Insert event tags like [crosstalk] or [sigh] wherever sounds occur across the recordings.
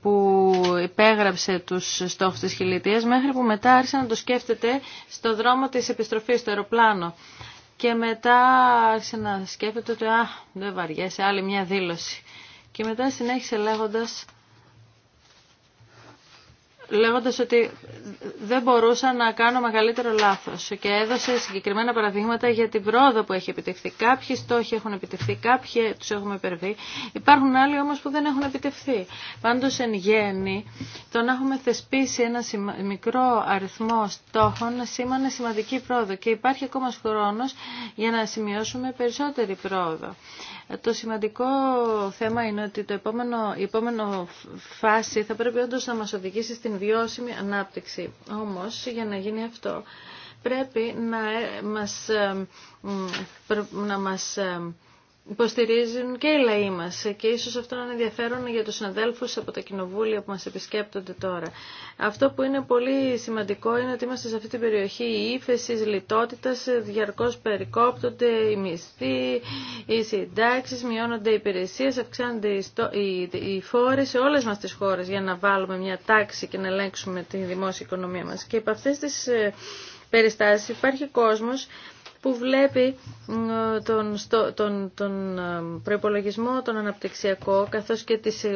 που υπέγραψε τους στόχους της χιλιτίας μέχρι που μετά άρχισε να το σκέφτεται στο δρόμο της επιστροφής στο αεροπλάνο. Και μετά άρχισε να σκέφτεται ότι α, δεν βαριέσαι, άλλη μια δήλωση. Και μετά συνέχισε λέγοντας λέγοντας ότι δεν μπορούσα να κάνω μεγαλύτερο λάθος και έδωσε συγκεκριμένα παραδείγματα για την πρόοδο που έχει επιτευχθεί. Κάποιοι στόχοι έχουν επιτευχθεί, κάποιοι τους έχουμε υπερβεί. Υπάρχουν άλλοι όμως που δεν έχουν επιτευχθεί. Πάντως εν γέννη το να έχουμε θεσπίσει ένα μικρό αριθμό στόχων σήμανε σημαντική πρόοδο και υπάρχει ακόμα χρόνος για να σημειώσουμε περισσότερη πρόοδο. Το σημαντικό θέμα είναι ότι το επόμενο, η επόμενη φάση θα πρέπει όντω να μα οδηγήσει στην την βιώσιμη ανάπτυξη. Όμως, για να γίνει αυτό, πρέπει να ε, μας, ε, να μας ε, υποστηρίζουν και οι λαοί μα και ίσω αυτό να είναι ενδιαφέρον για του συναδέλφου από τα κοινοβούλια που μα επισκέπτονται τώρα. Αυτό που είναι πολύ σημαντικό είναι ότι είμαστε σε αυτή την περιοχή η ύφεση λιτότητα, διαρκώ περικόπτονται οι μισθοί, οι συντάξει μειώνονται οι υπηρεσίε, αυξάνονται οι φόρες σε όλες μας τις χώρες για να βάλουμε μια τάξη και να ελέγξουμε τη δημόσια οικονομία μα. Και από αυτέ τι ε, περιστάσεις υπάρχει κόσμος που βλέπει τον, στο, τον, τον ε, προϋπολογισμό, τον αναπτυξιακό, καθώς και τις ε,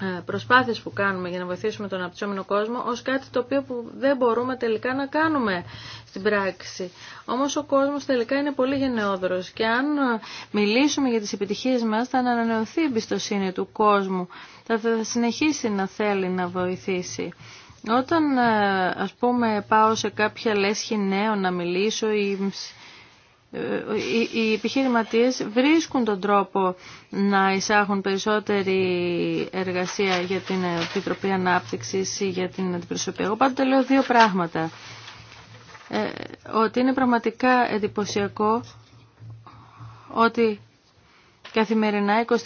ε, προσπάθειες που κάνουμε για να βοηθήσουμε τον αναπτυσσόμενο κόσμο ως κάτι το οποίο που δεν μπορούμε τελικά να κάνουμε στην πράξη. Όμως ο κόσμος τελικά είναι πολύ γενναιόδρος και αν μιλήσουμε για τις επιτυχίες μας θα ανανεωθεί η εμπιστοσύνη του κόσμου, θα συνεχίσει να θέλει να βοηθήσει. Όταν ε, ας πούμε πάω σε κάποια λέσχη νέο να μιλήσω ή ε, οι επιχειρηματίες βρίσκουν τον τρόπο να εισάγουν περισσότερη εργασία για την Επιτροπή Ανάπτυξης ή για την αντιπροσωπεία. Εγώ πάντοτε λέω δύο πράγματα. Ε, ότι είναι πραγματικά εντυπωσιακό ότι καθημερινά 23.000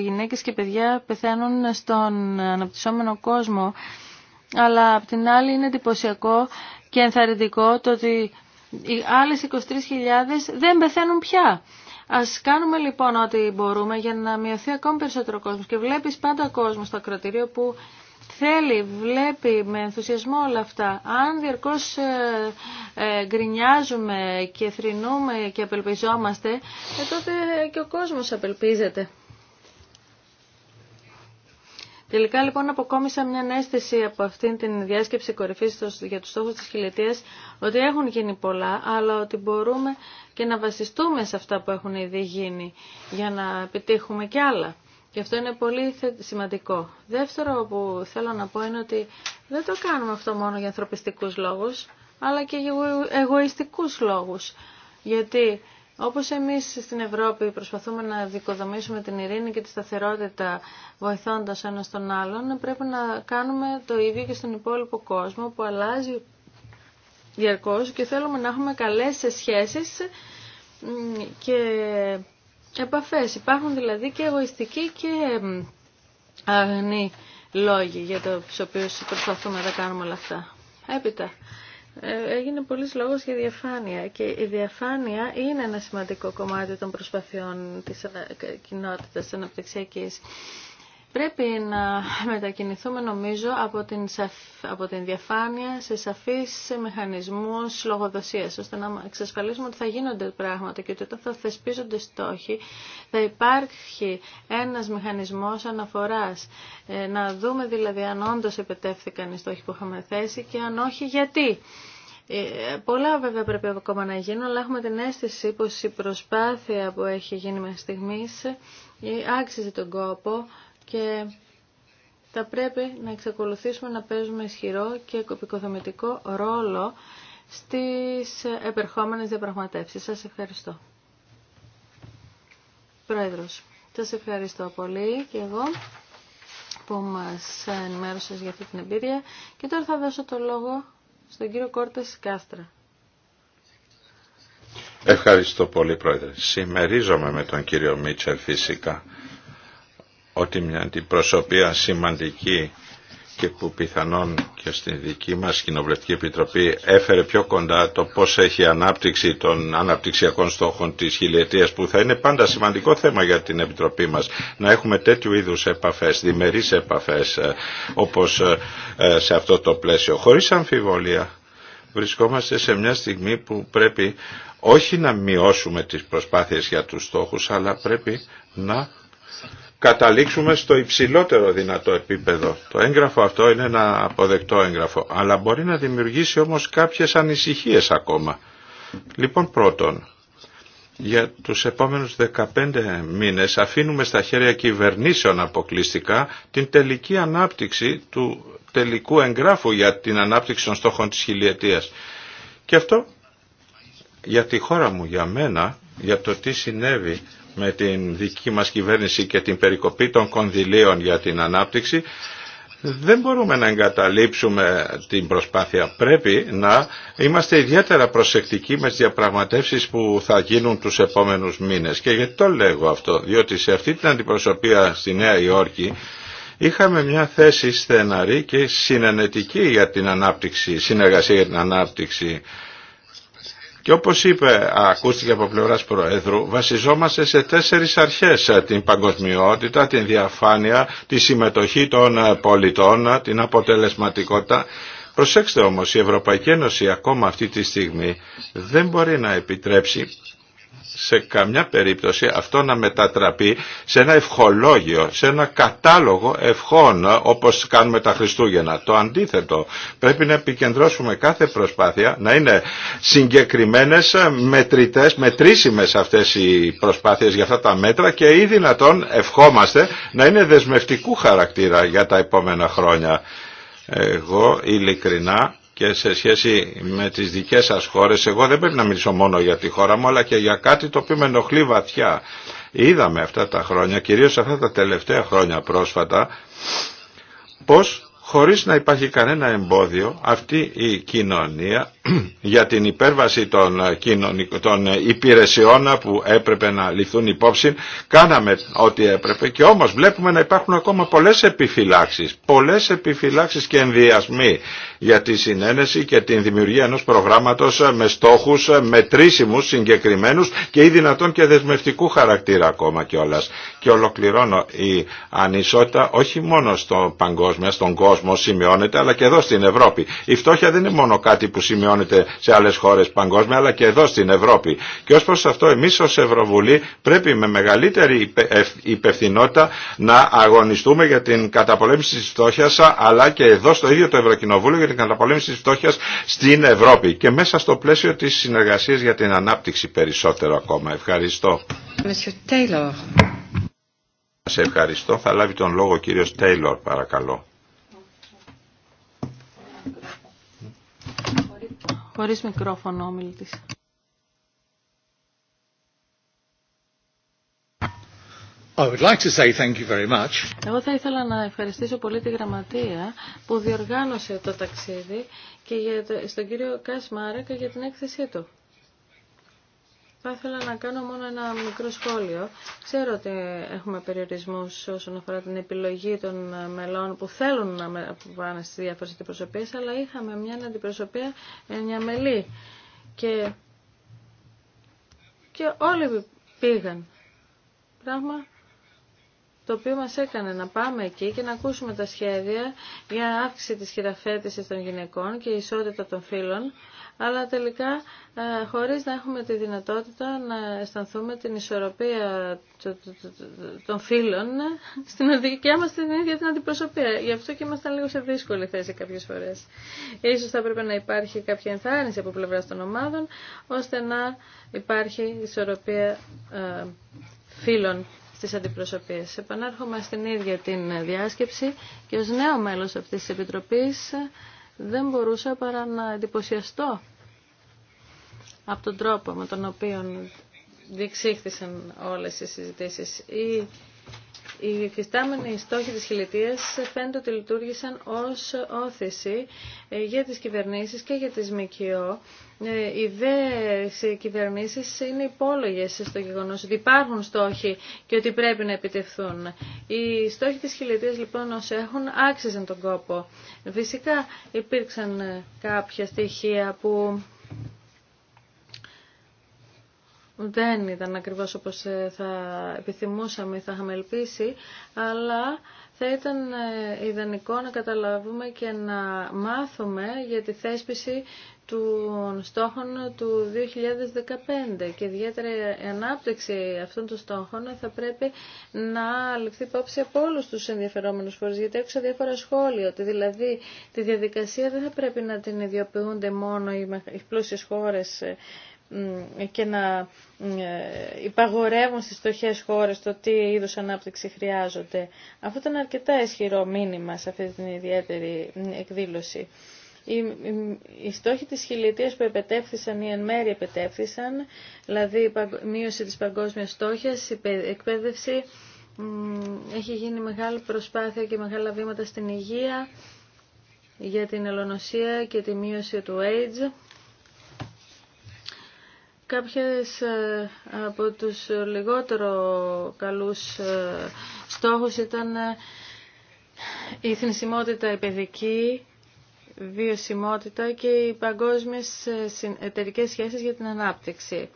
γυναίκες και παιδιά πεθαίνουν στον αναπτυσσόμενο κόσμο αλλά απ' την άλλη είναι εντυπωσιακό και ενθαρρυντικό το ότι οι άλλες 23.000 δεν πεθαίνουν πια. Ας κάνουμε λοιπόν ό,τι μπορούμε για να μειωθεί ακόμη περισσότερο κόσμο. και βλέπεις πάντα κόσμο στο ακροτήριο που θέλει, βλέπει με ενθουσιασμό όλα αυτά. Αν διαρκώς ε, ε γκρινιάζουμε και θρυνούμε και απελπιζόμαστε, ε, τότε και ο κόσμος απελπίζεται. Τελικά λοιπόν αποκόμισα μια αίσθηση από αυτήν την διάσκεψη κορυφής για τους στόχους της χιλιετίας ότι έχουν γίνει πολλά, αλλά ότι μπορούμε και να βασιστούμε σε αυτά που έχουν ήδη γίνει για να επιτύχουμε και άλλα. Και αυτό είναι πολύ σημαντικό. Δεύτερο που θέλω να πω είναι ότι δεν το κάνουμε αυτό μόνο για ανθρωπιστικούς λόγους, αλλά και για εγωιστικούς λόγους. Γιατί όπως εμείς στην Ευρώπη προσπαθούμε να δικοδομήσουμε την ειρήνη και τη σταθερότητα βοηθώντας ένα τον άλλον, πρέπει να κάνουμε το ίδιο και στον υπόλοιπο κόσμο που αλλάζει διαρκώς και θέλουμε να έχουμε καλές σχέσεις και επαφές. Υπάρχουν δηλαδή και εγωιστικοί και αγνοί λόγοι για τους οποίους προσπαθούμε να κάνουμε όλα αυτά. Ε, έγινε πολλής λόγος για διαφάνεια και η διαφάνεια είναι ένα σημαντικό κομμάτι των προσπαθειών της ε, κοινότητας της αναπτυξιακής. Πρέπει να μετακινηθούμε νομίζω από την, την διαφάνεια σε σαφείς μηχανισμούς λογοδοσίας, ώστε να εξασφαλίσουμε ότι θα γίνονται πράγματα και ότι όταν θα θεσπίζονται στόχοι θα υπάρχει ένας μηχανισμός αναφοράς. Ε, να δούμε δηλαδή αν όντως επετεύθηκαν οι στόχοι που είχαμε θέσει και αν όχι γιατί. Ε, πολλά βέβαια πρέπει ακόμα να γίνουν, αλλά έχουμε την αίσθηση πως η προσπάθεια που έχει γίνει μέχρι στιγμής άξιζε τον κόπο και θα πρέπει να εξακολουθήσουμε να παίζουμε ισχυρό και επικοδομητικό ρόλο στις επερχόμενες διαπραγματεύσεις. Σας ευχαριστώ. Πρόεδρος, σας ευχαριστώ πολύ και εγώ που μας ενημέρωσες για αυτή την εμπειρία και τώρα θα δώσω το λόγο στον κύριο Κόρτες Κάστρα. Ευχαριστώ πολύ Πρόεδρε. Συμμερίζομαι με τον κύριο Μίτσελ φυσικά ότι μια αντιπροσωπεία σημαντική και που πιθανόν και στην δική μας Κοινοβουλευτική Επιτροπή έφερε πιο κοντά το πώς έχει ανάπτυξη των αναπτυξιακών στόχων της χιλιετίας που θα είναι πάντα σημαντικό θέμα για την Επιτροπή μας να έχουμε τέτοιου είδους επαφές, διμερείς επαφές ε, όπως ε, ε, σε αυτό το πλαίσιο. Χωρίς αμφιβολία βρισκόμαστε σε μια στιγμή που πρέπει όχι να μειώσουμε τις προσπάθειες για τους στόχους αλλά πρέπει να καταλήξουμε στο υψηλότερο δυνατό επίπεδο. Το έγγραφο αυτό είναι ένα αποδεκτό έγγραφο, αλλά μπορεί να δημιουργήσει όμως κάποιες ανησυχίες ακόμα. Λοιπόν πρώτον, για τους επόμενους 15 μήνες αφήνουμε στα χέρια κυβερνήσεων αποκλειστικά την τελική ανάπτυξη του τελικού εγγράφου για την ανάπτυξη των στόχων της χιλιετίας. Και αυτό για τη χώρα μου, για μένα, για το τι συνέβη με την δική μας κυβέρνηση και την περικοπή των κονδυλίων για την ανάπτυξη, δεν μπορούμε να εγκαταλείψουμε την προσπάθεια. Πρέπει να είμαστε ιδιαίτερα προσεκτικοί με τις διαπραγματεύσεις που θα γίνουν τους επόμενους μήνες. Και γιατί το λέγω αυτό, διότι σε αυτή την αντιπροσωπεία στη Νέα Υόρκη είχαμε μια θέση στεναρή και συνενετική για την ανάπτυξη, συνεργασία για την ανάπτυξη και όπως είπε, ακούστηκε από πλευράς Προέδρου, βασιζόμαστε σε τέσσερις αρχές. Την παγκοσμιότητα, την διαφάνεια, τη συμμετοχή των ε, πολιτών, την αποτελεσματικότητα. Προσέξτε όμως, η Ευρωπαϊκή Ένωση ακόμα αυτή τη στιγμή δεν μπορεί να επιτρέψει σε καμιά περίπτωση αυτό να μετατραπεί σε ένα ευχολόγιο, σε ένα κατάλογο ευχών όπως κάνουμε τα Χριστούγεννα. Το αντίθετο πρέπει να επικεντρώσουμε κάθε προσπάθεια να είναι συγκεκριμένες μετρητές, μετρήσιμες αυτές οι προσπάθειες για αυτά τα μέτρα και ή δυνατόν ευχόμαστε να είναι δεσμευτικού χαρακτήρα για τα επόμενα χρόνια. Εγώ ειλικρινά και σε σχέση με τις δικές σας χώρες, εγώ δεν πρέπει να μιλήσω μόνο για τη χώρα μου, αλλά και για κάτι το οποίο με ενοχλεί βαθιά. Είδαμε αυτά τα χρόνια, κυρίως αυτά τα τελευταία χρόνια πρόσφατα, πως χωρίς να υπάρχει κανένα εμπόδιο αυτή η κοινωνία [clears throat] για την υπέρβαση των, ε, των ε, υπηρεσιών που έπρεπε να ληφθούν υπόψη κάναμε ό,τι έπρεπε και όμως βλέπουμε να υπάρχουν ακόμα πολλές επιφυλάξεις πολλές επιφυλάξεις και ενδιασμοί για τη συνένεση και την δημιουργία ενός προγράμματος ε, με στόχους μετρήσιμους, συγκεκριμένους και ή δυνατόν και δεσμευτικού χαρακτήρα ακόμα κιόλα. Και ολοκληρώνω η ανισότητα όχι μόνο στον παγκόσμιο, στον κόσμο σημειώνεται αλλά και εδώ στην Ευρώπη. Η φτώχεια δεν είναι μόνο κάτι που σημειώνεται σε άλλες χώρες παγκόσμια αλλά και εδώ στην Ευρώπη. Και ως προς αυτό εμείς ως Ευρωβουλή πρέπει με μεγαλύτερη υπευθυνότητα να αγωνιστούμε για την καταπολέμηση της φτώχειας αλλά και εδώ στο ίδιο το Ευρωκοινοβούλιο για την καταπολέμηση της φτώχειας στην Ευρώπη και μέσα στο πλαίσιο της συνεργασίας για την ανάπτυξη περισσότερο ακόμα. Ευχαριστώ. Σε ευχαριστώ. Θα λάβει τον λόγο ο κύριος Τέιλορ παρακαλώ. Χωρίς μικρόφωνο ομιλητής. I would like to say thank you very much. Εγώ θα ήθελα να ευχαριστήσω πολύ τη γραμματεία που διοργάνωσε το ταξίδι και για το, στον κύριο και για την έκθεσή του. Θα ήθελα να κάνω μόνο ένα μικρό σχόλιο. Ξέρω ότι έχουμε περιορισμούς όσον αφορά την επιλογή των μελών που θέλουν να πάνε στις διάφορες αντιπροσωπείες, αλλά είχαμε μια αντιπροσωπεία, ε, μια μελή και, και όλοι πήγαν. Πράγμα το οποίο μας έκανε να πάμε εκεί και να ακούσουμε τα σχέδια για αύξηση της χειραφέτησης των γυναικών και ισότητα των φύλων, αλλά τελικά ε, χωρίς να έχουμε τη δυνατότητα να αισθανθούμε την ισορροπία των φύλων ε, στην οδηγία μας την ίδια την αντιπροσωπεία. Γι' αυτό και ήμασταν λίγο σε δύσκολη θέση κάποιες φορές. Ίσως θα έπρεπε να υπάρχει κάποια ενθάρρυνση από πλευρά των ομάδων, ώστε να υπάρχει ισορροπία ε, φύλων στις αντιπροσωπείες. Επανέρχομαι στην ίδια την διάσκεψη και ως νέο μέλος αυτής της Επιτροπής δεν μπορούσα παρά να εντυπωσιαστώ από τον τρόπο με τον οποίο διεξήχθησαν όλες οι συζητήσεις. Οι υφιστάμενοι στόχοι της χιλιτίας φαίνεται ότι λειτουργήσαν ως όθηση ε, για τις κυβερνήσεις και για τις ΜΚΟ. Ε, οι δε κυβερνήσεις είναι υπόλογες στο γεγονός ότι υπάρχουν στόχοι και ότι πρέπει να επιτευθούν. Οι στόχοι της χιλιτίας λοιπόν ως έχουν άξιζαν τον κόπο. Φυσικά υπήρξαν ε, κάποια στοιχεία που δεν ήταν ακριβώς όπως ε, θα επιθυμούσαμε ή θα είχαμε ελπίσει, αλλά θα ήταν ε, ιδανικό να καταλάβουμε και να μάθουμε για τη θέσπιση των στόχων του 2015 και ιδιαίτερα η ανάπτυξη αυτών των στόχων θα πρέπει να ληφθεί υπόψη από όλους τους ενδιαφερόμενους φορείς γιατί έχω διάφορα σχόλια ότι δηλαδή τη διαδικασία δεν θα πρέπει να την ιδιοποιούνται μόνο οι πλούσιες χώρες ε, και να ε, υπαγορεύουν στις στοχές χώρες το τι είδους ανάπτυξη χρειάζονται. Αυτό ήταν αρκετά ισχυρό μήνυμα σε αυτή την ιδιαίτερη εκδήλωση. Οι στόχοι της χιλιετίας που επετέφθησαν ή εν μέρη επετέφθησαν, δηλαδή η μείωση της παγκόσμιας στόχιας, η εκπαίδευση, έχει γίνει μεγάλη προσπάθεια και μεγάλα βήματα στην υγεία για την ελονοσία και τη μείωση του AIDS κάποιες ε, από τους λιγότερο καλούς ε, στόχους ήταν ε, η θνησιμότητα η παιδική, βιωσιμότητα και οι παγκόσμιες εταιρικές σχέσεις για την ανάπτυξη.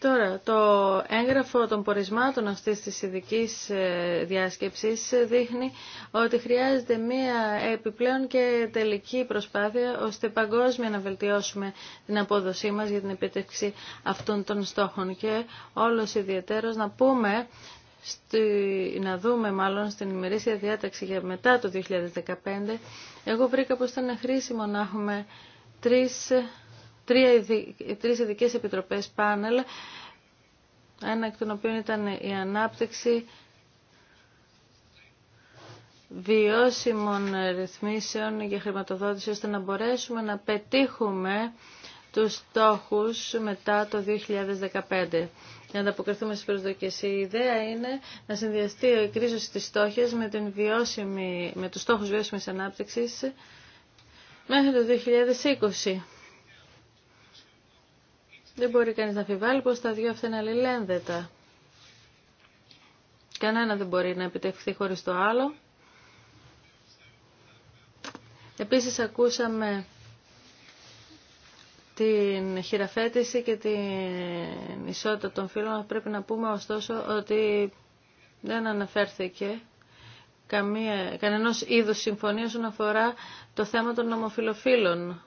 Τώρα, το έγγραφο των πορισμάτων αυτής της ειδική ε, διάσκεψης δείχνει ότι χρειάζεται μία επιπλέον και τελική προσπάθεια ώστε παγκόσμια να βελτιώσουμε την απόδοσή μας για την επίτευξη αυτών των στόχων και όλος ιδιαίτερος να πούμε στη, να δούμε μάλλον στην ημερήσια διάταξη για μετά το 2015 εγώ βρήκα πως ήταν χρήσιμο να έχουμε τρεις τρία, τρεις ειδικές επιτροπές πάνελ, ένα εκ των οποίων ήταν η ανάπτυξη βιώσιμων ρυθμίσεων για χρηματοδότηση, ώστε να μπορέσουμε να πετύχουμε τους στόχους μετά το 2015. Για να ανταποκριθούμε στις προσδοκίες. Η ιδέα είναι να συνδυαστεί η κρίση της στόχης με, την βιώσιμη, με τους στόχους βιώσιμης ανάπτυξης μέχρι το 2020. Δεν μπορεί κανείς να αφιβάλλει πως τα δύο αυτά είναι αλληλένδετα. Κανένα δεν μπορεί να επιτευχθεί χωρίς το άλλο. Επίσης ακούσαμε την χειραφέτηση και την ισότητα των φίλων. Πρέπει να πούμε ωστόσο ότι δεν αναφέρθηκε καμία, κανενός είδους συμφωνία όσον αφορά το θέμα των ομοφιλοφίλων.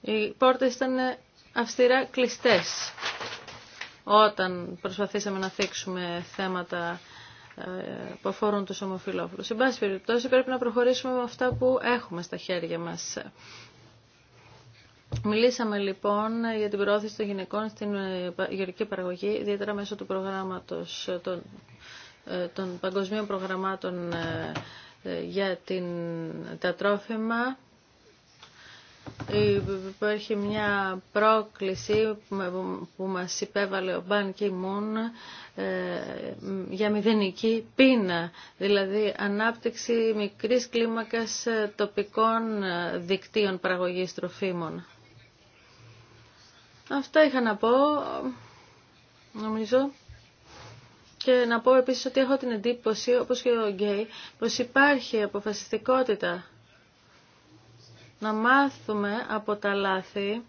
Οι πόρτες ήταν αυστηρά κλειστές όταν προσπαθήσαμε να θίξουμε θέματα ε, που αφορούν τους ομοφυλόφιλους. Σε πάση περιπτώσει πρέπει να προχωρήσουμε με αυτά που έχουμε στα χέρια μας. Μιλήσαμε λοιπόν για την προώθηση των γυναικών στην ε, γεωρική παραγωγή, ιδιαίτερα μέσω του προγράμματος ε, των, παγκοσμίων προγραμμάτων για την, τα τρόφιμα υπάρχει μια πρόκληση που μας υπέβαλε ο Μπαν Κιμούν ε, για μηδενική πείνα, δηλαδή ανάπτυξη μικρής κλίμακας ε, τοπικών ε, δικτύων παραγωγής τροφίμων. Αυτά είχα να πω, νομίζω. Και να πω επίσης ότι έχω την εντύπωση, όπως και ο Γκέι, πως υπάρχει αποφασιστικότητα να μάθουμε από τα λάθη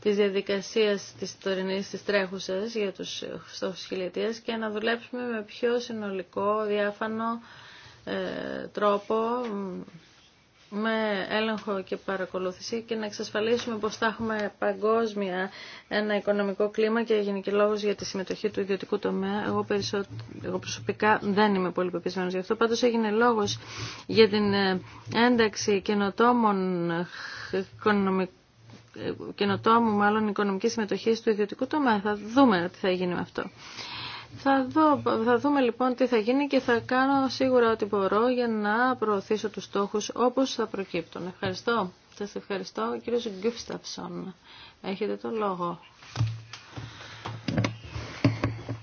της διαδικασίας της τωρινής, της τρέχουσας για τους στόχους χιλιετίας και να δουλέψουμε με πιο συνολικό, διάφανο ε, τρόπο με έλεγχο και παρακολούθηση και να εξασφαλίσουμε πως θα έχουμε παγκόσμια ένα οικονομικό κλίμα και και λόγος για τη συμμετοχή του ιδιωτικού τομέα. Εγώ, Εγώ προσωπικά δεν είμαι πολύ πεπισμένος γι' αυτό. Πάντως έγινε λόγος για την ε, ένταξη καινοτόμων οικονομικών ε, καινοτόμου μάλλον οικονομική συμμετοχή του ιδιωτικού τομέα. Θα δούμε τι θα γίνει με αυτό. Θα, δω, θα δούμε λοιπόν τι θα γίνει και θα κάνω σίγουρα ό,τι μπορώ για να προωθήσω τους στόχους όπως θα προκύπτουν. Ευχαριστώ. Σας ευχαριστώ. Ο κύριος Έχετε το λόγο.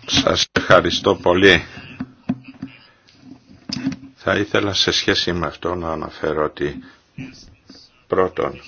Σας ευχαριστώ πολύ. Θα ήθελα σε σχέση με αυτό να αναφέρω ότι πρώτον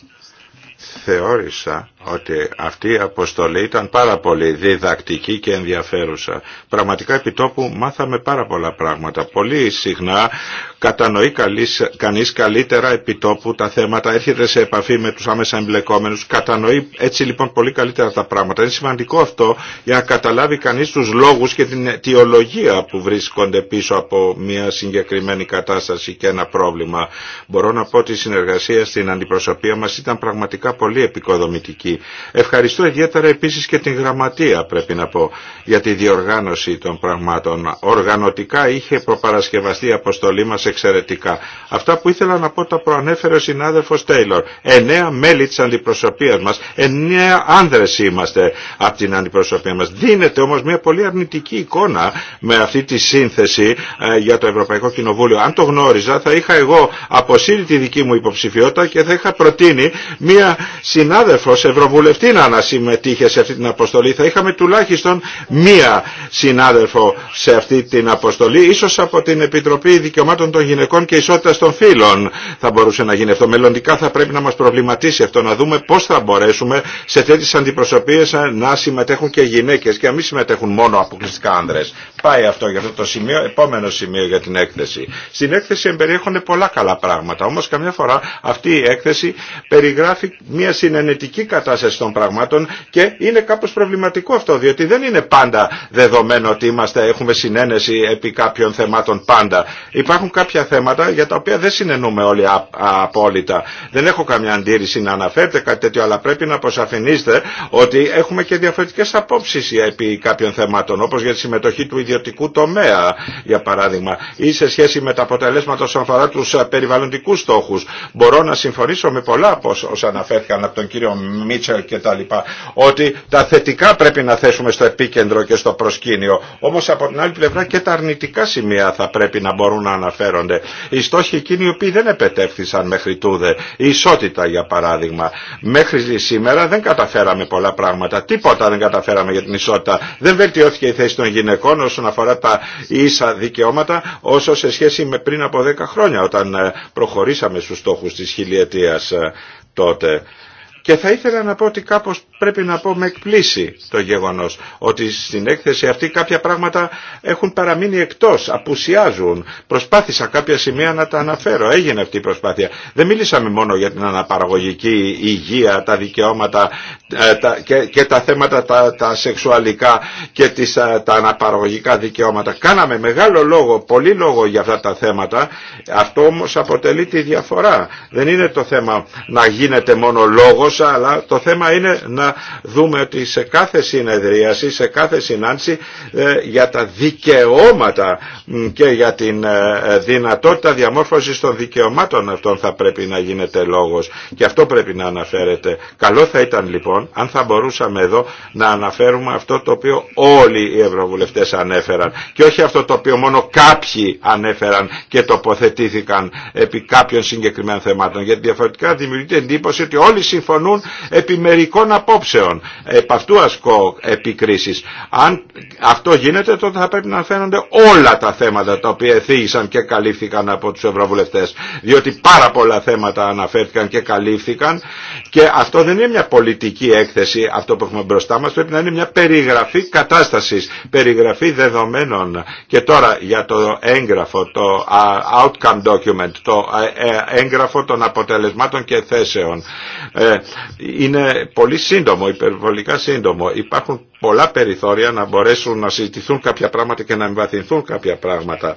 θεώρησα ότι αυτή η αποστολή ήταν πάρα πολύ διδακτική και ενδιαφέρουσα. Πραγματικά επί τόπου μάθαμε πάρα πολλά πράγματα. Πολύ συχνά κατανοεί καλής, κανείς καλύτερα επιτόπου τα θέματα, έρχεται σε επαφή με τους άμεσα εμπλεκόμενους, κατανοεί έτσι λοιπόν πολύ καλύτερα τα πράγματα. Είναι σημαντικό αυτό για να καταλάβει κανείς τους λόγους και την αιτιολογία που βρίσκονται πίσω από μια συγκεκριμένη κατάσταση και ένα πρόβλημα. Μπορώ να πω ότι η συνεργασία στην αντιπροσωπεία μας ήταν πραγματικά πολύ επικοδομητική. Ευχαριστώ ιδιαίτερα επίσης και την γραμματεία πρέπει να πω για τη διοργάνωση των πραγμάτων. Οργανωτικά είχε προπαρασκευαστεί η αποστολή εξαιρετικά. Αυτά που ήθελα να πω τα προανέφερε ο συνάδελφος Τέιλορ. Εννέα μέλη της αντιπροσωπείας μας, εννέα άνδρες είμαστε από την αντιπροσωπεία μας. Δίνεται όμως μια πολύ αρνητική εικόνα με αυτή τη σύνθεση ε, για το Ευρωπαϊκό Κοινοβούλιο. Αν το γνώριζα θα είχα εγώ αποσύρει τη δική μου υποψηφιότητα και θα είχα προτείνει μια συνάδελφος Ευρωβουλευτή να συμμετείχε σε αυτή την αποστολή. Θα είχαμε τουλάχιστον μία συνάδελφο σε αυτή την αποστολή, ίσως από την Επιτροπή Δικαιωμάτων των γυναικών και ισότητα των φίλων θα μπορούσε να γίνει αυτό. Μελλοντικά θα πρέπει να μας προβληματίσει αυτό, να δούμε πώς θα μπορέσουμε σε τέτοιες αντιπροσωπείε να συμμετέχουν και γυναίκες και να μην συμμετέχουν μόνο αποκλειστικά άνδρες. Πάει αυτό για αυτό το σημείο, επόμενο σημείο για την έκθεση. Στην έκθεση εμπεριέχονται πολλά καλά πράγματα, όμως καμιά φορά αυτή η έκθεση περιγράφει μια συνενετική κατάσταση των πραγμάτων και είναι κάπω προβληματικό αυτό, διότι δεν είναι πάντα δεδομένο ότι είμαστε, έχουμε συνένεση επί κάποιων θεμάτων πάντα. Υπάρχουν κάποια θέματα για τα οποία δεν συνενούμε όλοι απόλυτα. Δεν έχω καμιά αντίρρηση να αναφέρετε κάτι τέτοιο, αλλά πρέπει να αποσαφηνίστε ότι έχουμε και διαφορετικές απόψεις επί κάποιων θεμάτων, όπως για τη συμμετοχή του ιδιωτικού τομέα, για παράδειγμα, ή σε σχέση με τα αποτελέσματα όσον αφορά του ε, περιβαλλοντικού στόχου. Μπορώ να συμφωνήσω με πολλά από όσα αναφέρθηκαν από τον κύριο Μίτσελ κτλ. ότι τα θετικά πρέπει να θέσουμε στο επίκεντρο και στο προσκήνιο. Όμως από την άλλη πλευρά και τα αρνητικά σημεία θα πρέπει να μπορούν να αναφέρουν οι στόχοι εκείνοι οι οποίοι δεν επετέφθησαν μέχρι τούδε. Η ισότητα για παράδειγμα. Μέχρι σήμερα δεν καταφέραμε πολλά πράγματα. Τίποτα δεν καταφέραμε για την ισότητα. Δεν βελτιώθηκε η θέση των γυναικών όσον αφορά τα ίσα δικαιώματα όσο σε σχέση με πριν από 10 χρόνια όταν ε, προχωρήσαμε στους στόχους της χιλιετίας ε, τότε. Και θα ήθελα να πω ότι κάπως πρέπει να πω με εκπλήσει το γεγονός ότι στην έκθεση αυτή κάποια πράγματα έχουν παραμείνει εκτός, απουσιάζουν. Προσπάθησα κάποια σημεία να τα αναφέρω. Έγινε αυτή η προσπάθεια. Δεν μιλήσαμε μόνο για την αναπαραγωγική υγεία, τα δικαιώματα ε, τα, και, τα θέματα τα, τα σεξουαλικά και τις, ε, τα αναπαραγωγικά δικαιώματα. Κάναμε μεγάλο λόγο, πολύ λόγο για αυτά τα θέματα. Αυτό όμως αποτελεί τη διαφορά. Δεν είναι το θέμα να γίνεται μόνο λόγος αλλά το θέμα είναι να δούμε ότι σε κάθε συνεδρίαση, σε κάθε συνάντηση ε, για τα δικαιώματα και για την ε, δυνατότητα διαμόρφωσης των δικαιωμάτων αυτών θα πρέπει να γίνεται λόγος και αυτό πρέπει να αναφέρεται. Καλό θα ήταν λοιπόν αν θα μπορούσαμε εδώ να αναφέρουμε αυτό το οποίο όλοι οι ευρωβουλευτές ανέφεραν και όχι αυτό το οποίο μόνο κάποιοι ανέφεραν και τοποθετήθηκαν επί κάποιων συγκεκριμένων θεμάτων γιατί διαφορετικά δημιουργείται εντύπωση ότι όλοι συμφωνούν διαφωνούν επί μερικών απόψεων. Επ' αυτού ασκώ επικρίσεις. Αν αυτό γίνεται τότε θα πρέπει να φαίνονται όλα τα θέματα τα οποία εθίγησαν και καλύφθηκαν από τους ευρωβουλευτές. Διότι πάρα πολλά θέματα αναφέρθηκαν και καλύφθηκαν και αυτό δεν είναι μια πολιτική έκθεση αυτό που έχουμε μπροστά μας. Πρέπει να είναι μια περιγραφή κατάστασης, περιγραφή δεδομένων. Και τώρα για το έγγραφο, το outcome document, το ε, ε, έγγραφο των αποτελεσμάτων και θέσεων. Ε, είναι πολύ σύντομο, υπερβολικά σύντομο. Υπάρχουν πολλά περιθώρια να μπορέσουν να συζητηθούν κάποια πράγματα και να εμβαθυνθούν κάποια πράγματα.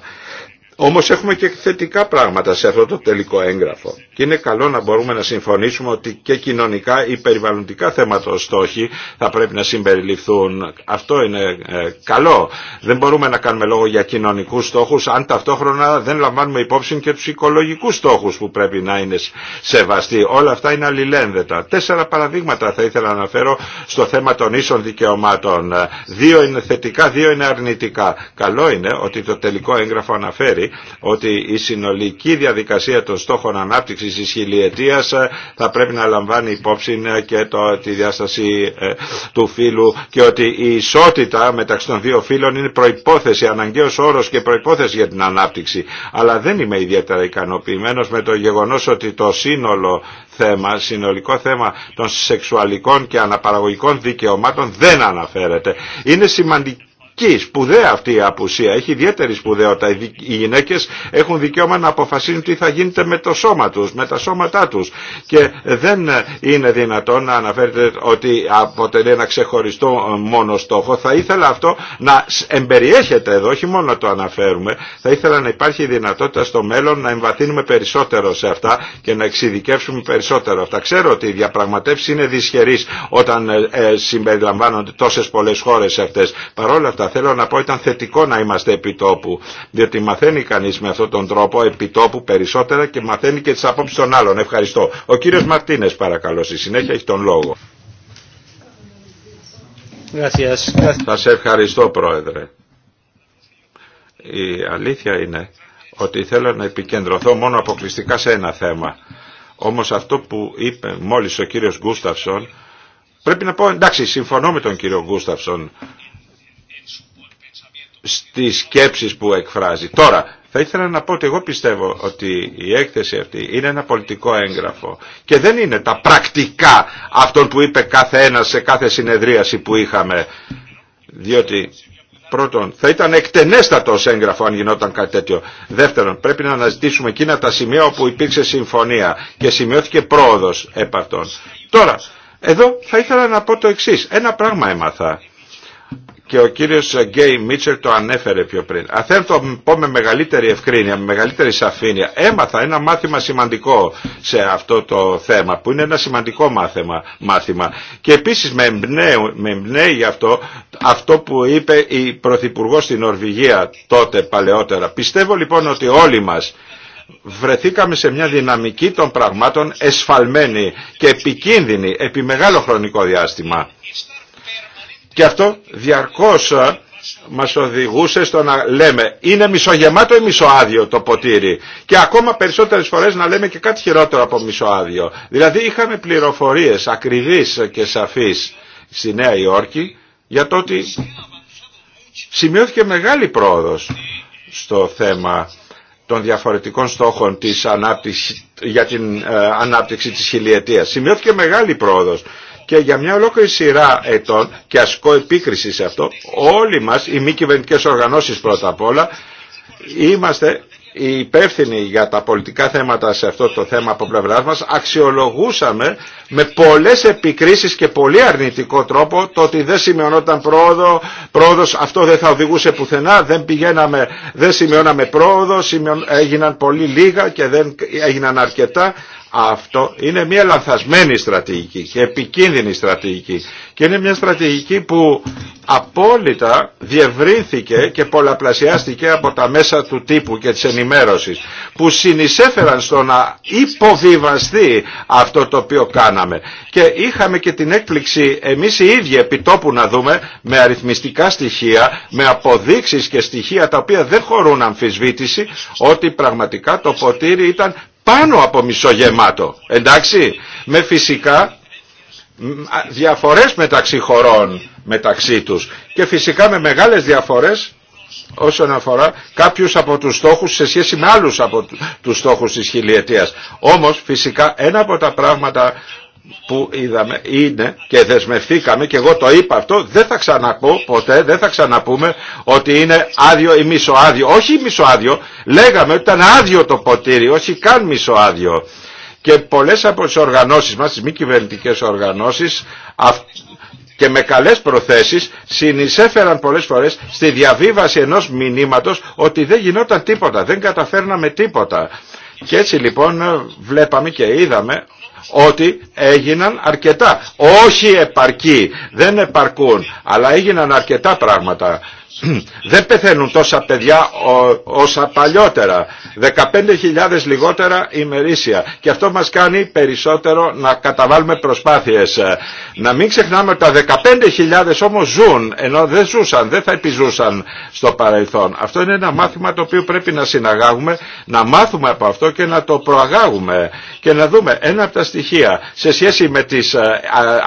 Όμως έχουμε και θετικά πράγματα σε αυτό το τελικό έγγραφο. Και είναι καλό να μπορούμε να συμφωνήσουμε ότι και κοινωνικά ή περιβαλλοντικά θέματα στόχοι θα πρέπει να συμπεριληφθούν. Αυτό είναι ε, καλό. Δεν μπορούμε να κάνουμε λόγο για κοινωνικούς στόχους αν ταυτόχρονα δεν λαμβάνουμε υπόψη και τους οικολογικούς στόχους που πρέπει να είναι σεβαστοί. Όλα αυτά είναι αλληλένδετα. Τέσσερα παραδείγματα θα ήθελα να αναφέρω στο θέμα των ίσων δικαιωμάτων. Δύο είναι θετικά, δύο είναι αρνητικά. Καλό είναι ότι το τελικό έγγραφο αναφέρει ότι η συνολική διαδικασία των στόχων ανάπτυξης της χιλιετίας ε, θα πρέπει να λαμβάνει υπόψη ε, και το, τη διάσταση ε, του φύλου και ότι η ισότητα μεταξύ των δύο φύλων είναι προϋπόθεση, αναγκαίος όρος και προϋπόθεση για την ανάπτυξη. Αλλά δεν είμαι ιδιαίτερα ικανοποιημένος με το γεγονός ότι το σύνολο θέμα, συνολικό θέμα των σεξουαλικών και αναπαραγωγικών δικαιωμάτων δεν αναφέρεται. Είναι σημαντικό εκεί. Σπουδαία αυτή η απουσία. Έχει ιδιαίτερη σπουδαιότητα. Οι γυναίκες έχουν δικαίωμα να αποφασίζουν τι θα γίνεται με το σώμα τους, με τα σώματά τους. Και δεν ε, είναι δυνατόν να αναφέρετε ότι αποτελεί ένα ξεχωριστό ε, μόνο στόχο. Θα ήθελα αυτό να εμπεριέχεται εδώ, όχι μόνο να το αναφέρουμε. Θα ήθελα να υπάρχει δυνατότητα στο μέλλον να εμβαθύνουμε περισσότερο σε αυτά και να εξειδικεύσουμε περισσότερο αυτά. Ξέρω ότι οι διαπραγματεύσει είναι δυσχερεί όταν ε, συμπεριλαμβάνονται τόσε πολλέ χώρε αυτέ. αυτά θέλω να πω ήταν θετικό να είμαστε επιτόπου, διότι μαθαίνει κανείς με αυτόν τον τρόπο επιτόπου περισσότερα και μαθαίνει και τις απόψεις των άλλων. Ευχαριστώ. Ο κύριος Μαρτίνες παρακαλώ, στη συνέχεια έχει τον λόγο. Θα σε ευχαριστώ πρόεδρε. Η αλήθεια είναι ότι θέλω να επικεντρωθώ μόνο αποκλειστικά σε ένα θέμα. Όμως αυτό που είπε μόλις ο κύριος Γκούσταυσον, πρέπει να πω εντάξει συμφωνώ με τον κύριο Γκούσταυσον στις σκέψεις που εκφράζει. Τώρα, θα ήθελα να πω ότι εγώ πιστεύω ότι η έκθεση αυτή είναι ένα πολιτικό έγγραφο και δεν είναι τα πρακτικά αυτών που είπε κάθε ένας σε κάθε συνεδρίαση που είχαμε. Διότι Πρώτον, θα ήταν εκτενέστατο έγγραφο αν γινόταν κάτι τέτοιο. Δεύτερον, πρέπει να αναζητήσουμε εκείνα τα σημεία όπου υπήρξε συμφωνία και σημειώθηκε πρόοδος επ' Τώρα, εδώ θα ήθελα να πω το εξή. Ένα πράγμα έμαθα και ο κύριος Γκέι Μίτσελ το ανέφερε πιο πριν. Αν θέλω το πω με μεγαλύτερη ευκρίνεια, με μεγαλύτερη σαφήνεια, έμαθα ένα μάθημα σημαντικό σε αυτό το θέμα, που είναι ένα σημαντικό μάθημα. μάθημα. Και επίσης με εμπνέει, γι' αυτό αυτό που είπε η Πρωθυπουργό στην Νορβηγία τότε παλαιότερα. Πιστεύω λοιπόν ότι όλοι μας βρεθήκαμε σε μια δυναμική των πραγμάτων εσφαλμένη και επικίνδυνη επί μεγάλο χρονικό διάστημα. Και αυτό διαρκώς ε, μας οδηγούσε στο να λέμε είναι μισογεμάτο ή μισοάδιο το ποτήρι και ακόμα περισσότερες φορές να λέμε και κάτι χειρότερο από μισοάδιο. Δηλαδή είχαμε πληροφορίες ακριβείς και σαφείς στη Νέα Υόρκη για το ότι σημειώθηκε μεγάλη πρόοδος στο θέμα των διαφορετικών στόχων της ανάπτυξης, για την ε, ανάπτυξη της χιλιετίας. Σημειώθηκε μεγάλη πρόοδος και για μια ολόκληρη σειρά ετών, και ασκώ επίκριση σε αυτό, όλοι μας, οι μη κυβερνητικέ οργανώσεις πρώτα απ' όλα, είμαστε οι υπεύθυνοι για τα πολιτικά θέματα σε αυτό το θέμα από πλευρά μα, αξιολογούσαμε με πολλέ επικρίσει και πολύ αρνητικό τρόπο το ότι δεν σημειωνόταν πρόοδο, πρόοδος, αυτό δεν θα οδηγούσε πουθενά, δεν πηγαίναμε, δεν σημειώναμε πρόοδο, έγιναν πολύ λίγα και δεν έγιναν αρκετά. Αυτό είναι μια λανθασμένη στρατηγική και επικίνδυνη στρατηγική και είναι μια στρατηγική που απόλυτα διευρύνθηκε και πολλαπλασιάστηκε από τα μέσα του τύπου και της ενημέρωσης που συνεισέφεραν στο να υποβιβαστεί αυτό το οποίο κάναμε και είχαμε και την έκπληξη εμείς οι ίδιοι επιτόπου να δούμε με αριθμιστικά στοιχεία, με αποδείξεις και στοιχεία τα οποία δεν χωρούν αμφισβήτηση ότι πραγματικά το ποτήρι ήταν πάνω από γεμάτο, Εντάξει, με φυσικά διαφορές μεταξύ χωρών μεταξύ τους και φυσικά με μεγάλες διαφορές όσον αφορά κάποιους από τους στόχους σε σχέση με άλλους από τους στόχους της χιλιετίας. Όμως φυσικά ένα από τα πράγματα που είδαμε είναι και δεσμευθήκαμε και εγώ το είπα αυτό, δεν θα ξαναπώ ποτέ, δεν θα ξαναπούμε ότι είναι άδειο ή αδειο. Όχι μισοάδιο, λέγαμε ότι ήταν άδειο το ποτήρι, όχι καν άδειο. Και πολλές από τις οργανώσεις μας, τις μη κυβερνητικέ οργανώσεις, και με καλές προθέσεις συνεισέφεραν πολλές φορές στη διαβίβαση ενός μηνύματος ότι δεν γινόταν τίποτα, δεν καταφέρναμε τίποτα. Και έτσι λοιπόν ε, βλέπαμε και είδαμε ότι έγιναν αρκετά. Όχι επαρκή, δεν επαρκούν, αλλά έγιναν αρκετά πράγματα δεν πεθαίνουν τόσα παιδιά όσα παλιότερα. 15.000 λιγότερα ημερήσια. Και αυτό μας κάνει περισσότερο να καταβάλουμε προσπάθειες. Να μην ξεχνάμε ότι τα 15.000 όμως ζουν, ενώ δεν ζούσαν, δεν θα επιζούσαν στο παρελθόν. Αυτό είναι ένα μάθημα το οποίο πρέπει να συναγάγουμε, να μάθουμε από αυτό και να το προαγάγουμε. Και να δούμε ένα από τα στοιχεία σε σχέση με τις ε,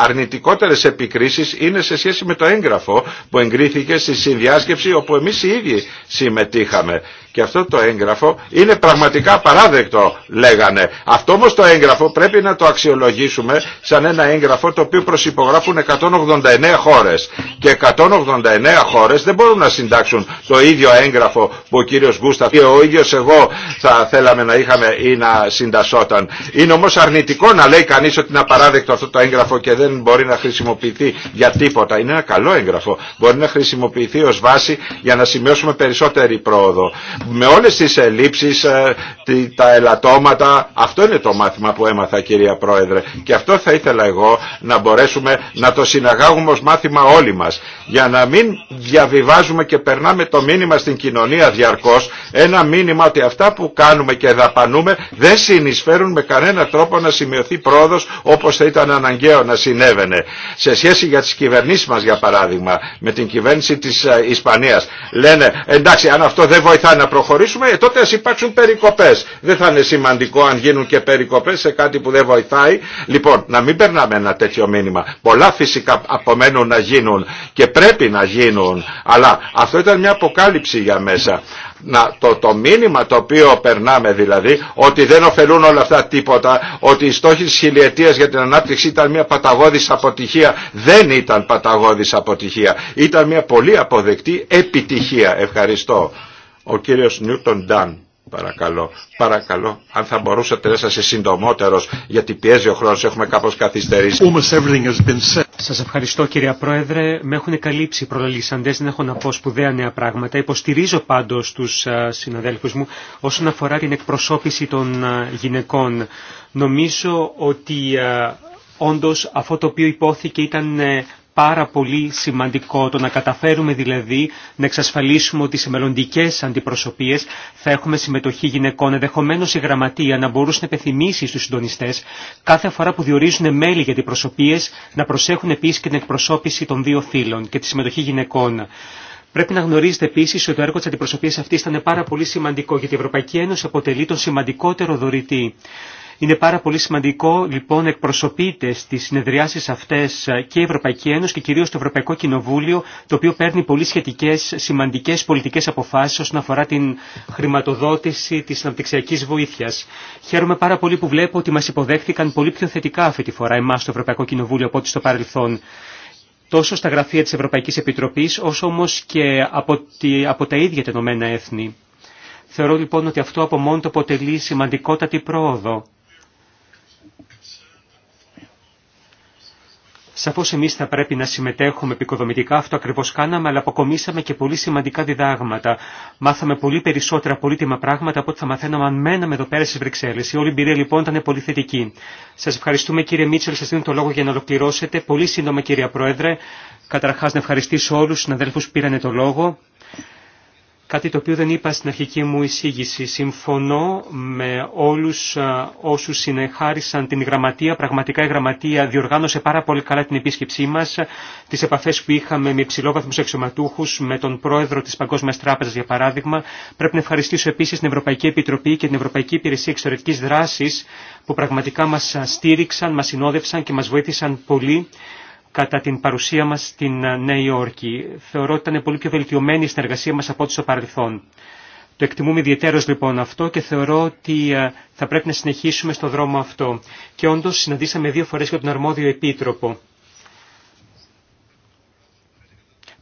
αρνητικότερες επικρίσεις είναι σε σχέση με το έγγραφο που εγκρίθηκε στη συνδυασία διάσκεψη όπου εμείς οι ίδιοι συμμετείχαμε και αυτό το έγγραφο είναι πραγματικά παράδεκτο, λέγανε. Αυτό όμω το έγγραφο πρέπει να το αξιολογήσουμε σαν ένα έγγραφο το οποίο προσυπογράφουν 189 χώρε. Και 189 χώρε δεν μπορούν να συντάξουν το ίδιο έγγραφο που ο κύριο Γκούσταφ ή ο ίδιο εγώ θα θέλαμε να είχαμε ή να συντασσόταν. Είναι όμω αρνητικό να λέει κανεί ότι είναι απαράδεκτο αυτό το έγγραφο και δεν μπορεί να χρησιμοποιηθεί για τίποτα. Είναι ένα καλό έγγραφο. Μπορεί να χρησιμοποιηθεί ω βάση για να σημειώσουμε περισσότερη πρόοδο με όλες τις ελλείψεις, ε, τα ελαττώματα. Αυτό είναι το μάθημα που έμαθα κυρία Πρόεδρε και αυτό θα ήθελα εγώ να μπορέσουμε να το συναγάγουμε ως μάθημα όλοι μας για να μην διαβιβάζουμε και περνάμε το μήνυμα στην κοινωνία διαρκώς ένα μήνυμα ότι αυτά που κάνουμε και δαπανούμε δεν συνεισφέρουν με κανένα τρόπο να σημειωθεί πρόοδος όπως θα ήταν αναγκαίο να συνέβαινε. Σε σχέση για τις κυβερνήσεις μας για παράδειγμα με την κυβέρνηση της ε, Ισπανίας λένε εντάξει αν αυτό δεν βοηθάει προχωρήσουμε, ε, τότε α υπάρξουν περικοπές. Δεν θα είναι σημαντικό αν γίνουν και περικοπές σε κάτι που δεν βοηθάει. Λοιπόν, να μην περνάμε ένα τέτοιο μήνυμα. Πολλά φυσικά απομένουν να γίνουν και πρέπει να γίνουν, αλλά αυτό ήταν μια αποκάλυψη για μέσα. Να, το, το μήνυμα το οποίο περνάμε δηλαδή ότι δεν ωφελούν όλα αυτά τίποτα ότι οι στόχοι της χιλιετίας για την ανάπτυξη ήταν μια παταγώδης αποτυχία δεν ήταν παταγώδης αποτυχία ήταν μια πολύ αποδεκτή επιτυχία ευχαριστώ ο κύριος Νιούτον Ντάν. Παρακαλώ, παρακαλώ, αν θα μπορούσατε να σε συντομότερος, γιατί πιέζει ο χρόνος, έχουμε κάπως καθυστερήσει. Σας ευχαριστώ κύριε Πρόεδρε, με έχουν καλύψει οι προλαλήσαντες, δεν έχω να πω σπουδαία νέα πράγματα. Υποστηρίζω πάντως τους συναδέλφους μου όσον αφορά την εκπροσώπηση των γυναικών. Νομίζω ότι όντως αυτό το οποίο υπόθηκε ήταν ε, πάρα πολύ σημαντικό το να καταφέρουμε δηλαδή να εξασφαλίσουμε ότι σε μελλοντικέ αντιπροσωπείε θα έχουμε συμμετοχή γυναικών. Ενδεχομένω η γραμματεία να μπορούσε να επιθυμήσει στου συντονιστέ κάθε φορά που διορίζουν μέλη για αντιπροσωπείε να προσέχουν επίση και την εκπροσώπηση των δύο φύλων και τη συμμετοχή γυναικών. Πρέπει να γνωρίζετε επίση ότι το έργο τη αντιπροσωπεία αυτή ήταν πάρα πολύ σημαντικό γιατί η Ευρωπαϊκή Ένωση αποτελεί τον σημαντικότερο δωρητή είναι πάρα πολύ σημαντικό λοιπόν εκπροσωπείται στις συνεδριάσεις αυτές ε, και η Ευρωπαϊκή Ένωση και κυρίως το Ευρωπαϊκό Κοινοβούλιο το οποίο παίρνει πολύ σχετικές σημαντικές πολιτικές αποφάσεις όσον αφορά την χρηματοδότηση της αναπτυξιακής βοήθειας. Χαίρομαι πάρα πολύ που βλέπω ότι μας υποδέχθηκαν πολύ πιο θετικά αυτή τη φορά εμάς στο Ευρωπαϊκό Κοινοβούλιο από ό,τι στο παρελθόν τόσο στα γραφεία της Ευρωπαϊκής Επιτροπής όσο και από, τη, από τα ίδια τα Ηνωμένα Έθνη. Θεωρώ λοιπόν ότι αυτό από μόνο το αποτελεί σημαντικότατη πρόοδο Σαφώς εμείς θα πρέπει να συμμετέχουμε επικοδομητικά, αυτό ακριβώς κάναμε, αλλά αποκομίσαμε και πολύ σημαντικά διδάγματα. Μάθαμε πολύ περισσότερα πολύτιμα πράγματα από ό,τι θα μαθαίναμε αν μέναμε εδώ πέρα στις Βρυξέλλες. Η όλη εμπειρία λοιπόν ήταν πολύ θετική. Σας ευχαριστούμε κύριε Μίτσελ, σας δίνω το λόγο για να ολοκληρώσετε. Πολύ σύντομα κύριε Πρόεδρε, καταρχάς να ευχαριστήσω όλους τους συναδέλφους που πήραν το λόγο κάτι το οποίο δεν είπα στην αρχική μου εισήγηση. Συμφωνώ με όλους ε, όσους συνεχάρισαν την γραμματεία. Πραγματικά η γραμματεία διοργάνωσε πάρα πολύ καλά την επίσκεψή μας, τις επαφές που είχαμε με υψηλόβαθμους αξιωματούχους, με τον πρόεδρο της Παγκόσμιας Τράπεζας για παράδειγμα. Πρέπει να ευχαριστήσω επίσης την Ευρωπαϊκή Επιτροπή και την Ευρωπαϊκή Υπηρεσία Εξωτερικής Δράσης που πραγματικά μας στήριξαν, μας συνόδευσαν και μας βοήθησαν πολύ κατά την παρουσία μας στην ε, Νέα Υόρκη. Θεωρώ ότι ήταν πολύ πιο βελτιωμένη η συνεργασία μας από ό,τι στο παρελθόν. Το εκτιμούμε ιδιαίτερω λοιπόν αυτό και θεωρώ ότι ε, θα πρέπει να συνεχίσουμε στο δρόμο αυτό. Και όντω συναντήσαμε δύο φορέ για τον αρμόδιο επίτροπο.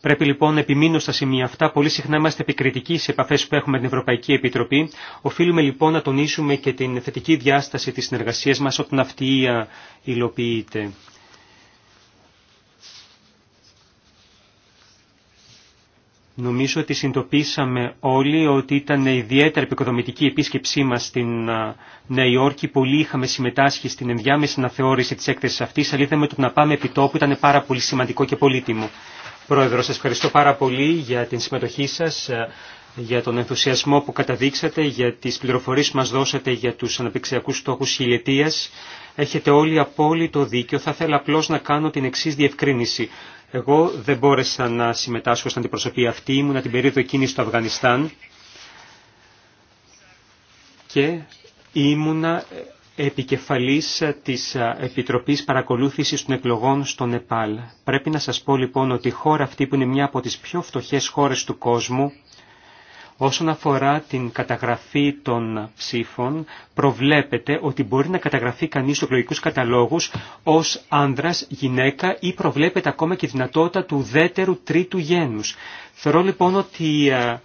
Πρέπει λοιπόν να επιμείνω στα σημεία αυτά. Πολύ συχνά είμαστε επικριτικοί σε επαφέ που έχουμε με την Ευρωπαϊκή Επιτροπή. Οφείλουμε λοιπόν να τονίσουμε και την θετική διάσταση τη συνεργασία μα όταν αυτή ε, υλοποιείται. Νομίζω ότι συντοπίσαμε όλοι ότι ήταν ιδιαίτερα επικοδομητική επίσκεψή μας στην Νέα Υόρκη. Πολλοί είχαμε συμμετάσχει στην ενδιάμεση αναθεώρηση της έκθεσης αυτής, αλλά είδαμε ότι να πάμε επί τόπου ήταν πάρα πολύ σημαντικό και πολύτιμο. Πρόεδρο, σας ευχαριστώ πάρα πολύ για την συμμετοχή σας, για τον ενθουσιασμό που καταδείξατε, για τις πληροφορίες που μας δώσατε για τους αναπτυξιακούς στόχους χιλιετίας. Έχετε όλοι απόλυτο δίκιο. Θα ήθελα απλώ να κάνω την εξή διευκρίνηση. Εγώ δεν μπόρεσα να συμμετάσχω στην αντιπροσωπή αυτή. Ήμουνα την περίοδο εκείνη στο Αφγανιστάν και ήμουνα επικεφαλής της Επιτροπής Παρακολούθησης των Εκλογών στο Νεπάλ. Πρέπει να σας πω λοιπόν ότι η χώρα αυτή που είναι μια από τις πιο φτωχές χώρες του κόσμου Όσον αφορά την καταγραφή των ψήφων, προβλέπεται ότι μπορεί να καταγραφεί κανείς στους εκλογικού καταλόγους ως άνδρας, γυναίκα ή προβλέπεται ακόμα και δυνατότητα του δέτερου τρίτου γένους. Θεωρώ λοιπόν ότι ε,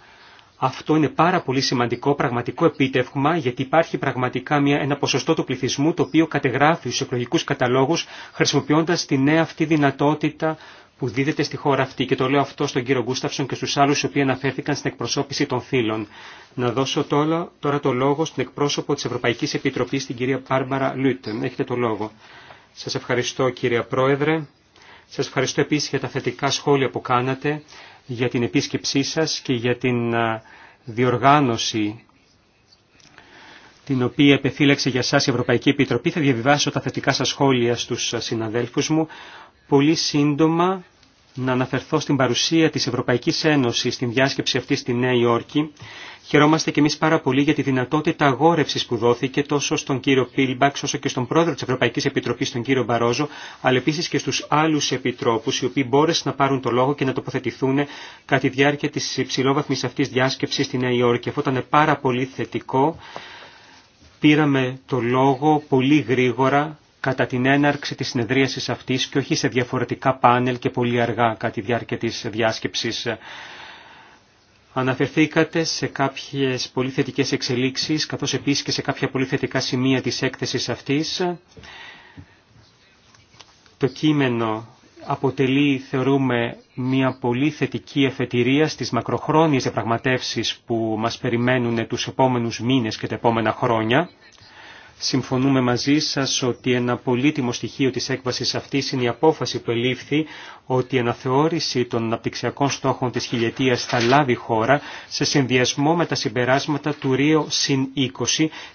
αυτό είναι πάρα πολύ σημαντικό πραγματικό επίτευγμα γιατί υπάρχει πραγματικά μια, ένα ποσοστό του πληθυσμού το οποίο κατεγράφει στους εκλογικού καταλόγους χρησιμοποιώντας τη νέα αυτή δυνατότητα που δίδεται στη χώρα αυτή και το λέω αυτό στον κύριο Γκούσταυσον και στους άλλους οι οποίοι αναφέρθηκαν στην εκπροσώπηση των φίλων. Να δώσω τώρα, τώρα το λόγο στην εκπρόσωπο της Ευρωπαϊκής Επιτροπής, την κυρία Πάρμπαρα Λούτεν. Έχετε το λόγο. Σας ευχαριστώ κύριε Πρόεδρε. Σας ευχαριστώ επίσης για τα θετικά σχόλια που κάνατε, για την επίσκεψή σας και για την διοργάνωση την οποία επεφύλαξε για σας η Ευρωπαϊκή Επιτροπή. Θα διαβιβάσω τα θετικά σας σχόλια στους συναδέλφους μου πολύ σύντομα να αναφερθώ στην παρουσία της Ευρωπαϊκής Ένωσης στην διάσκεψη αυτή στη Νέα Υόρκη. Χαιρόμαστε και εμείς πάρα πολύ για τη δυνατότητα αγόρευσης που δόθηκε τόσο στον κύριο Πίλμπαξ όσο και στον πρόεδρο της Ευρωπαϊκής Επιτροπής, τον κύριο Μπαρόζο, αλλά επίσης και στους άλλους επιτρόπους οι οποίοι μπόρεσαν να πάρουν το λόγο και να τοποθετηθούν κατά τη διάρκεια της υψηλόβαθμης αυτής διάσκεψης στη Νέα Υόρκη. Αυτό ήταν πάρα πολύ θετικό. Πήραμε το λόγο πολύ γρήγορα κατά την έναρξη της συνεδρίασης αυτής και όχι σε διαφορετικά πάνελ και πολύ αργά κατά τη διάρκεια της διάσκεψης. Αναφερθήκατε σε κάποιες πολύ θετικέ εξελίξεις, καθώς επίσης και σε κάποια πολύ θετικά σημεία της έκθεσης αυτής. Το κείμενο αποτελεί, θεωρούμε, μια πολύ θετική εφετηρία στις μακροχρόνιες διαπραγματεύσεις που μας περιμένουν τους επόμενους μήνες και τα επόμενα χρόνια Συμφωνούμε μαζί σας ότι ένα πολύτιμο στοιχείο της έκβασης αυτής είναι η απόφαση που ελήφθη ότι η αναθεώρηση των αναπτυξιακών στόχων της χιλιετίας θα λάβει χώρα σε συνδυασμό με τα συμπεράσματα του Ρίο συν 20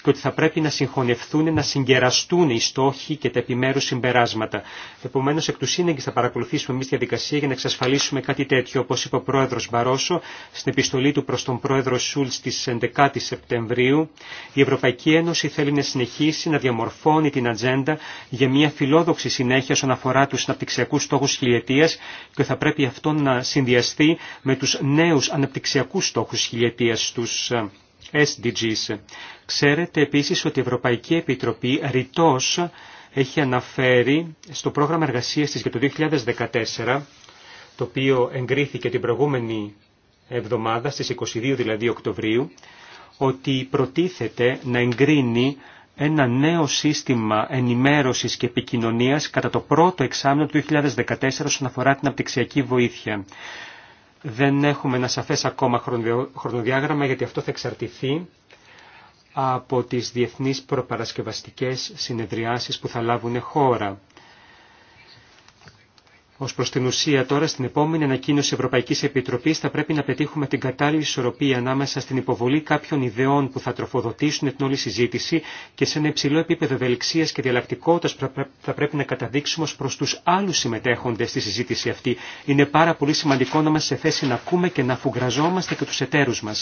και ότι θα πρέπει να συγχωνευτούν, να συγκεραστούν οι στόχοι και τα επιμέρους συμπεράσματα. Επομένως, εκ του σύνεγγυς θα παρακολουθήσουμε εμείς τη διαδικασία για να εξασφαλίσουμε κάτι τέτοιο, όπως είπε ο πρόεδρος Μπαρόσο στην επιστολή του προς τον πρόεδρο Σούλτ στις 11 Σεπτεμβρίου. Η Ευρωπαϊκή Ένωση θέλει να συνεχίσει να διαμορφώνει την ατζέντα για μια φιλόδοξη συνέχεια όσον αφορά τους αναπτυξιακούς στόχους χιλιετίας χιλιετίας και θα πρέπει αυτό να συνδυαστεί με τους νέους αναπτυξιακούς στόχους χιλιετίας, τους ε, SDGs. Ξέρετε επίσης ότι η Ευρωπαϊκή Επιτροπή ρητός έχει αναφέρει στο πρόγραμμα εργασίας της για το 2014, το οποίο εγκρίθηκε την προηγούμενη εβδομάδα, στις 22 δηλαδή Οκτωβρίου, ότι προτίθεται να εγκρίνει ένα νέο σύστημα ενημέρωσης και επικοινωνίας κατά το πρώτο εξάμεινο του 2014 όσον αφορά την απτυξιακή βοήθεια. Δεν έχουμε ένα σαφές ακόμα χρονοδιάγραμμα γιατί αυτό θα εξαρτηθεί από τις διεθνείς προπαρασκευαστικές συνεδριάσεις που θα λάβουν χώρα. Ω προ την ουσία τώρα, στην επόμενη ανακοίνωση Ευρωπαϊκή Επιτροπή θα πρέπει να πετύχουμε την κατάλληλη ισορροπία ανάμεσα στην υποβολή κάποιων ιδεών που θα τροφοδοτήσουν την όλη συζήτηση και σε ένα υψηλό επίπεδο ευελιξία και διαλλακτικότητα που θα πρέπει να καταδείξουμε ω προ του άλλου συμμετέχοντε στη συζήτηση αυτή. Είναι πάρα πολύ σημαντικό να είμαστε σε θέση να ακούμε και να αφουγκραζόμαστε και του εταίρου μα.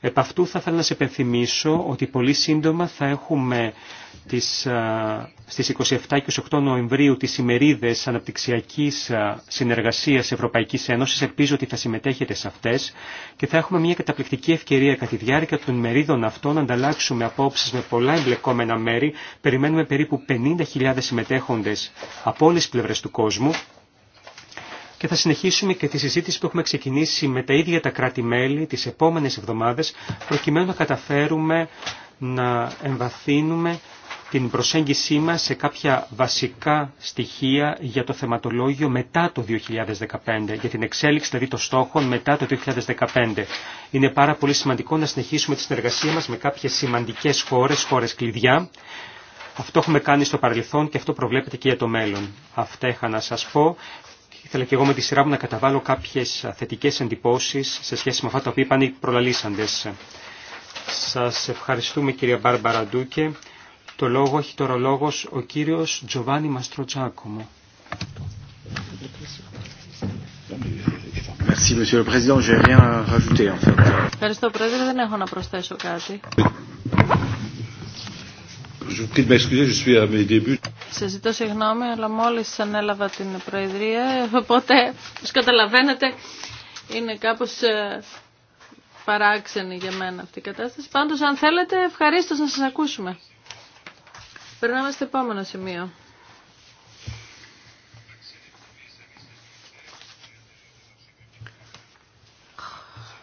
Επ' αυτού θα ήθελα να σε επενθυμίσω ότι πολύ σύντομα θα έχουμε τις, στις 27 και 28 Νοεμβρίου τις ημερίδες αναπτυξιακής συνεργασίας Ευρωπαϊκής Ένωσης. Ελπίζω ότι θα συμμετέχετε σε αυτές και θα έχουμε μια καταπληκτική ευκαιρία κατά τη διάρκεια των ημερίδων αυτών να ανταλλάξουμε απόψεις με πολλά εμπλεκόμενα μέρη. Περιμένουμε περίπου 50.000 συμμετέχοντες από όλες τις πλευρές του κόσμου και θα συνεχίσουμε και τη συζήτηση που έχουμε ξεκινήσει με τα ίδια τα κράτη-μέλη τις επόμενες εβδομάδες προκειμένου να καταφέρουμε να εμβαθύνουμε την προσέγγισή μας σε κάποια βασικά στοιχεία για το θεματολόγιο μετά το 2015, για την εξέλιξη δηλαδή των στόχων μετά το 2015. Είναι πάρα πολύ σημαντικό να συνεχίσουμε τη συνεργασία μας με κάποιες σημαντικές χώρες, χώρες κλειδιά. Αυτό έχουμε κάνει στο παρελθόν και αυτό προβλέπεται και για το μέλλον. Αυτά είχα να σας πω. Ήθελα και εγώ με τη σειρά μου να καταβάλω κάποιες θετικές εντυπώσεις σε σχέση με αυτά τα οποία είπαν οι προλαλήσαντες. Σας ευχαριστούμε κυρία Μπάρμπαρα Ντούκε. Το λόγο έχει τώρα λόγος ο κύριος Τζοβάνι Μαστροτσάκομο. Ευχαριστώ πρόεδρε, δεν έχω να προσθέσω κάτι. Σε ζητώ συγγνώμη, αλλά μόλις ανέλαβα την Προεδρία, οπότε, όπως καταλαβαίνετε, είναι κάπως ε, παράξενη για μένα αυτή η κατάσταση. Πάντως, αν θέλετε, ευχαρίστως να σας ακούσουμε. Περνάμε στο επόμενο σημείο.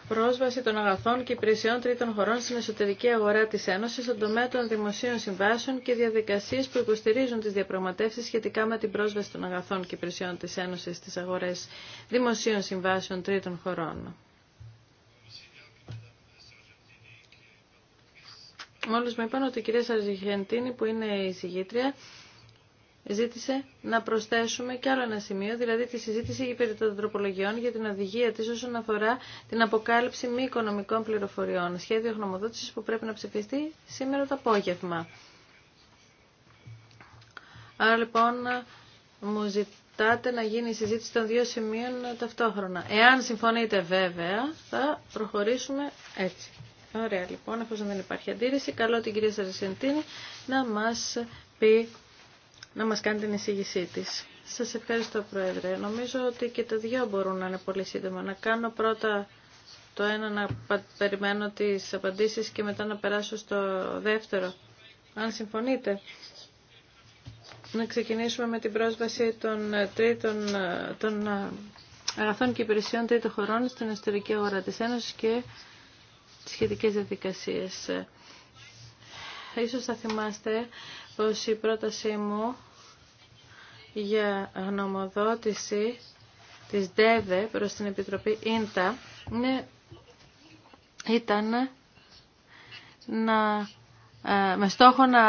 Πρόσβαση των αγαθών και υπηρεσιών τρίτων χωρών στην εσωτερική αγορά της Ένωσης στον τομέα των δημοσίων συμβάσεων και διαδικασίες που υποστηρίζουν τις διαπραγματεύσεις σχετικά με την πρόσβαση των αγαθών και υπηρεσιών της Ένωσης στις αγορές δημοσίων συμβάσεων τρίτων χωρών. Μόλις μου είπαν ότι η κυρία Σαρζιχεντίνη που είναι η συγγήτρια ζήτησε να προσθέσουμε και άλλο ένα σημείο, δηλαδή τη συζήτηση περί των για την οδηγία της όσον αφορά την αποκάλυψη μη οικονομικών πληροφοριών. Σχέδιο χνομοδότησης που πρέπει να ψηφιστεί σήμερα το απόγευμα. Άρα λοιπόν μου ζητάτε να γίνει η συζήτηση των δύο σημείων ταυτόχρονα. Εάν συμφωνείτε βέβαια θα προχωρήσουμε έτσι. Ωραία λοιπόν, εφόσον δεν υπάρχει αντίρρηση, καλό την κυρία Σαρσεντίνη να μας πει, να μας κάνει την εισήγησή της. Σας ευχαριστώ Πρόεδρε. Νομίζω ότι και τα δυο μπορούν να είναι πολύ σύντομα. Να κάνω πρώτα το ένα να περιμένω τις απαντήσεις και μετά να περάσω στο δεύτερο. Αν συμφωνείτε. Να ξεκινήσουμε με την πρόσβαση των, ε, τρίτων, ε, των ε, αγαθών και υπηρεσιών τρίτων χωρών στην εσωτερική αγορά της Ένωσης και σχετικές διαδικασίες. Ίσως θα θυμάστε πως η πρότασή μου για γνωμοδότηση της ΔΕΔΕ προς την Επιτροπή ΙΝΤΑ ναι, ήταν να ε, με στόχο να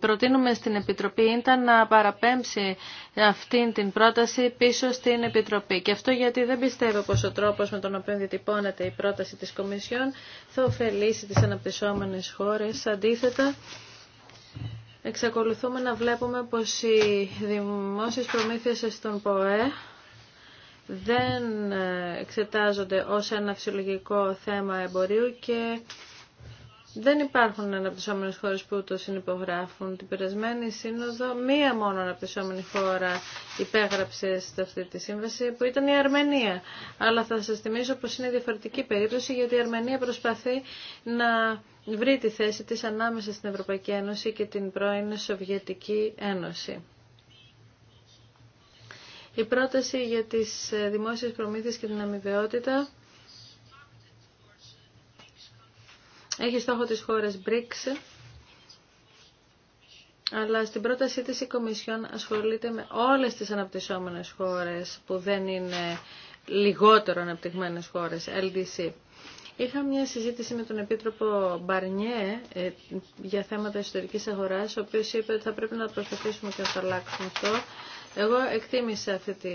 προτείνουμε στην Επιτροπή ήταν να παραπέμψει αυτή την πρόταση πίσω στην Επιτροπή. Και αυτό γιατί δεν πιστεύω πως ο τρόπος με τον οποίο διατυπώνεται η πρόταση της Κομισιόν θα ωφελήσει τις αναπτυσσόμενες χώρες. Αντίθετα, εξακολουθούμε να βλέπουμε πως οι δημόσιες προμήθειες στον ΠΟΕ δεν ε, εξετάζονται ως ένα φυσιολογικό θέμα εμπορίου και δεν υπάρχουν αναπτυσσόμενε χώρε που το συνυπογράφουν. Την περασμένη σύνοδο, μία μόνο αναπτυσσόμενη χώρα υπέγραψε σε αυτή τη σύμβαση, που ήταν η Αρμενία. Αλλά θα σα θυμίσω πω είναι διαφορετική περίπτωση, γιατί η Αρμενία προσπαθεί να βρει τη θέση της ανάμεσα στην Ευρωπαϊκή Ένωση και την πρώην Σοβιετική Ένωση. Η πρόταση για τις δημόσιες προμήθειες και την αμοιβαιότητα έχει στόχο τις χώρες BRICS, αλλά στην πρότασή της η Κομισιόν ασχολείται με όλες τις αναπτυσσόμενες χώρες που δεν είναι λιγότερο αναπτυγμένες χώρες, LDC. Είχα μια συζήτηση με τον Επίτροπο Μπαρνιέ ε, για θέματα εσωτερικής αγοράς, ο οποίος είπε ότι θα πρέπει να προσπαθήσουμε και να το αλλάξουμε αυτό. Εγώ εκτίμησα αυτή τη,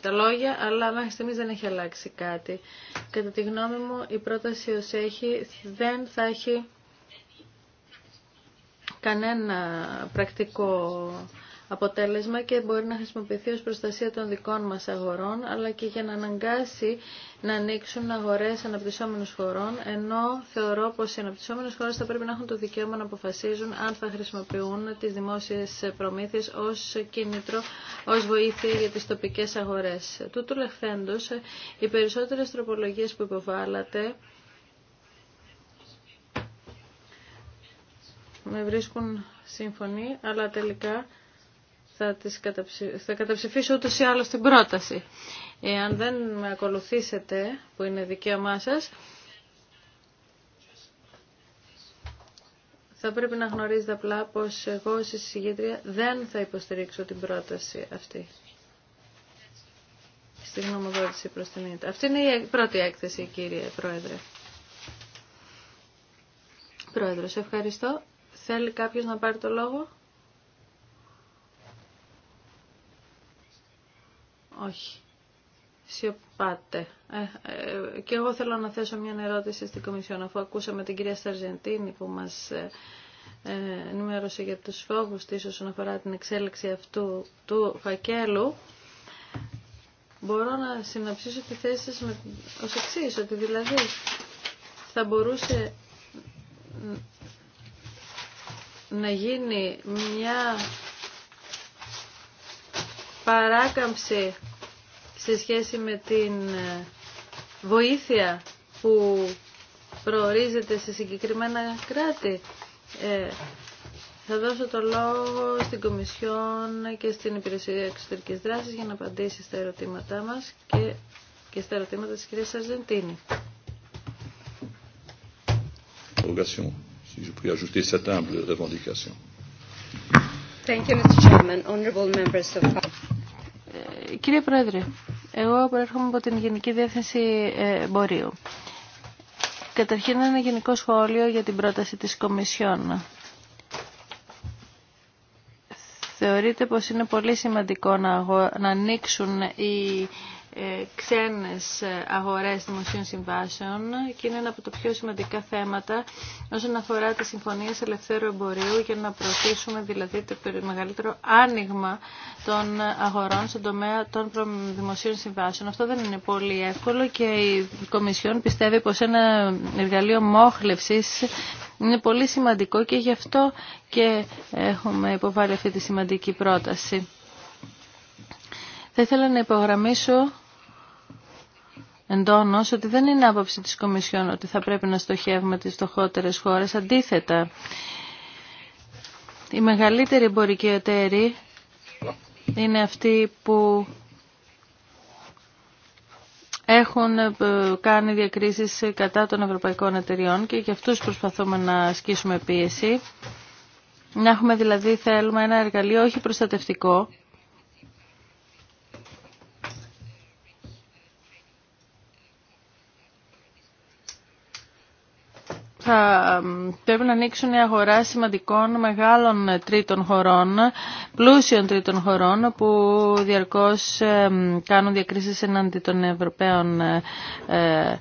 τα λόγια, αλλά μέχρι στιγμής δεν έχει αλλάξει κάτι. Κατά τη γνώμη μου, η πρόταση ως έχει δεν θα έχει κανένα πρακτικό αποτέλεσμα και μπορεί να χρησιμοποιηθεί ως προστασία των δικών μας αγορών, αλλά και για να αναγκάσει να ανοίξουν αγορές αναπτυσσόμενους χωρών, ενώ θεωρώ πως οι αναπτυσσόμενες χώρες θα πρέπει να έχουν το δικαίωμα να αποφασίζουν αν θα χρησιμοποιούν τις δημόσιες προμήθειες ως κίνητρο, ως βοήθεια για τις τοπικές αγορές. Τούτου λεχθέντος, οι περισσότερες τροπολογίες που υποβάλλατε με βρίσκουν σύμφωνοι, αλλά τελικά θα, τις καταψη... θα καταψηφίσω ούτως ή άλλως την πρόταση. Εάν δεν με ακολουθήσετε, που είναι δικαίωμά σας, θα πρέπει να γνωρίζετε απλά πως εγώ ως εισηγήτρια δεν θα υποστηρίξω την πρόταση αυτή στην γνωμοδότηση προς την Αυτή είναι η πρώτη έκθεση, κύριε Πρόεδρε. Πρόεδρος, ευχαριστώ. Θέλει κάποιος να πάρει το λόγο. Όχι. Σιωπάτε. Ε, και εγώ θέλω να θέσω μια ερώτηση στην Κομισιόν, αφού ακούσαμε την κυρία Σταρζεντίνη που μας ε, ε, ενημέρωσε για τους φόβους της όσον αφορά την εξέλιξη αυτού του φακέλου. Μπορώ να συναψίσω τη θέση σας με, ως εξής, ότι δηλαδή θα μπορούσε να γίνει μια παράκαμψη σε σχέση με την ε, βοήθεια που προορίζεται σε συγκεκριμένα κράτη. Ε, θα δώσω το λόγο στην Κομισιόν και στην Υπηρεσία Εξωτερικής Δράσης για να απαντήσει στα ερωτήματά μας και, και στα ερωτήματα της κυρίας Αρζεντίνη. Ε, κύριε Πρόεδρε, εγώ προέρχομαι από την Γενική Διεύθυνση Εμπορίου. Καταρχήν ένα γενικό σχόλιο για την πρόταση της Κομισιόν. Θεωρείτε πως είναι πολύ σημαντικό να ανοίξουν οι ε, ξένες ε, αγορές δημοσίων συμβάσεων και είναι ένα από τα πιο σημαντικά θέματα όσον αφορά τις συμφωνίες ελευθέρου εμπορίου για να προωθήσουμε δηλαδή το μεγαλύτερο άνοιγμα των αγορών στον τομέα των δημοσίων συμβάσεων. Αυτό δεν είναι πολύ εύκολο και η Κομισιόν πιστεύει πως ένα εργαλείο μόχλευσης είναι πολύ σημαντικό και γι' αυτό και έχουμε υποβάλει αυτή τη σημαντική πρόταση. Θα ήθελα να υπογραμμίσω εντόνως ότι δεν είναι άποψη της Κομισιόν ότι θα πρέπει να στοχεύουμε τις στοχότερες χώρες. Αντίθετα, οι μεγαλύτεροι εμπορικοί εταίροι είναι αυτοί που έχουν ε, κάνει διακρίσεις κατά των ευρωπαϊκών εταιριών και για αυτούς προσπαθούμε να ασκήσουμε πίεση. Να έχουμε δηλαδή θέλουμε ένα εργαλείο όχι προστατευτικό, θα πρέπει να ανοίξουν η αγορά σημαντικών μεγάλων τρίτων χωρών, πλούσιων τρίτων χωρών που διαρκώς κάνουν διακρίσεις εναντί των Ευρωπαίων ε, ε,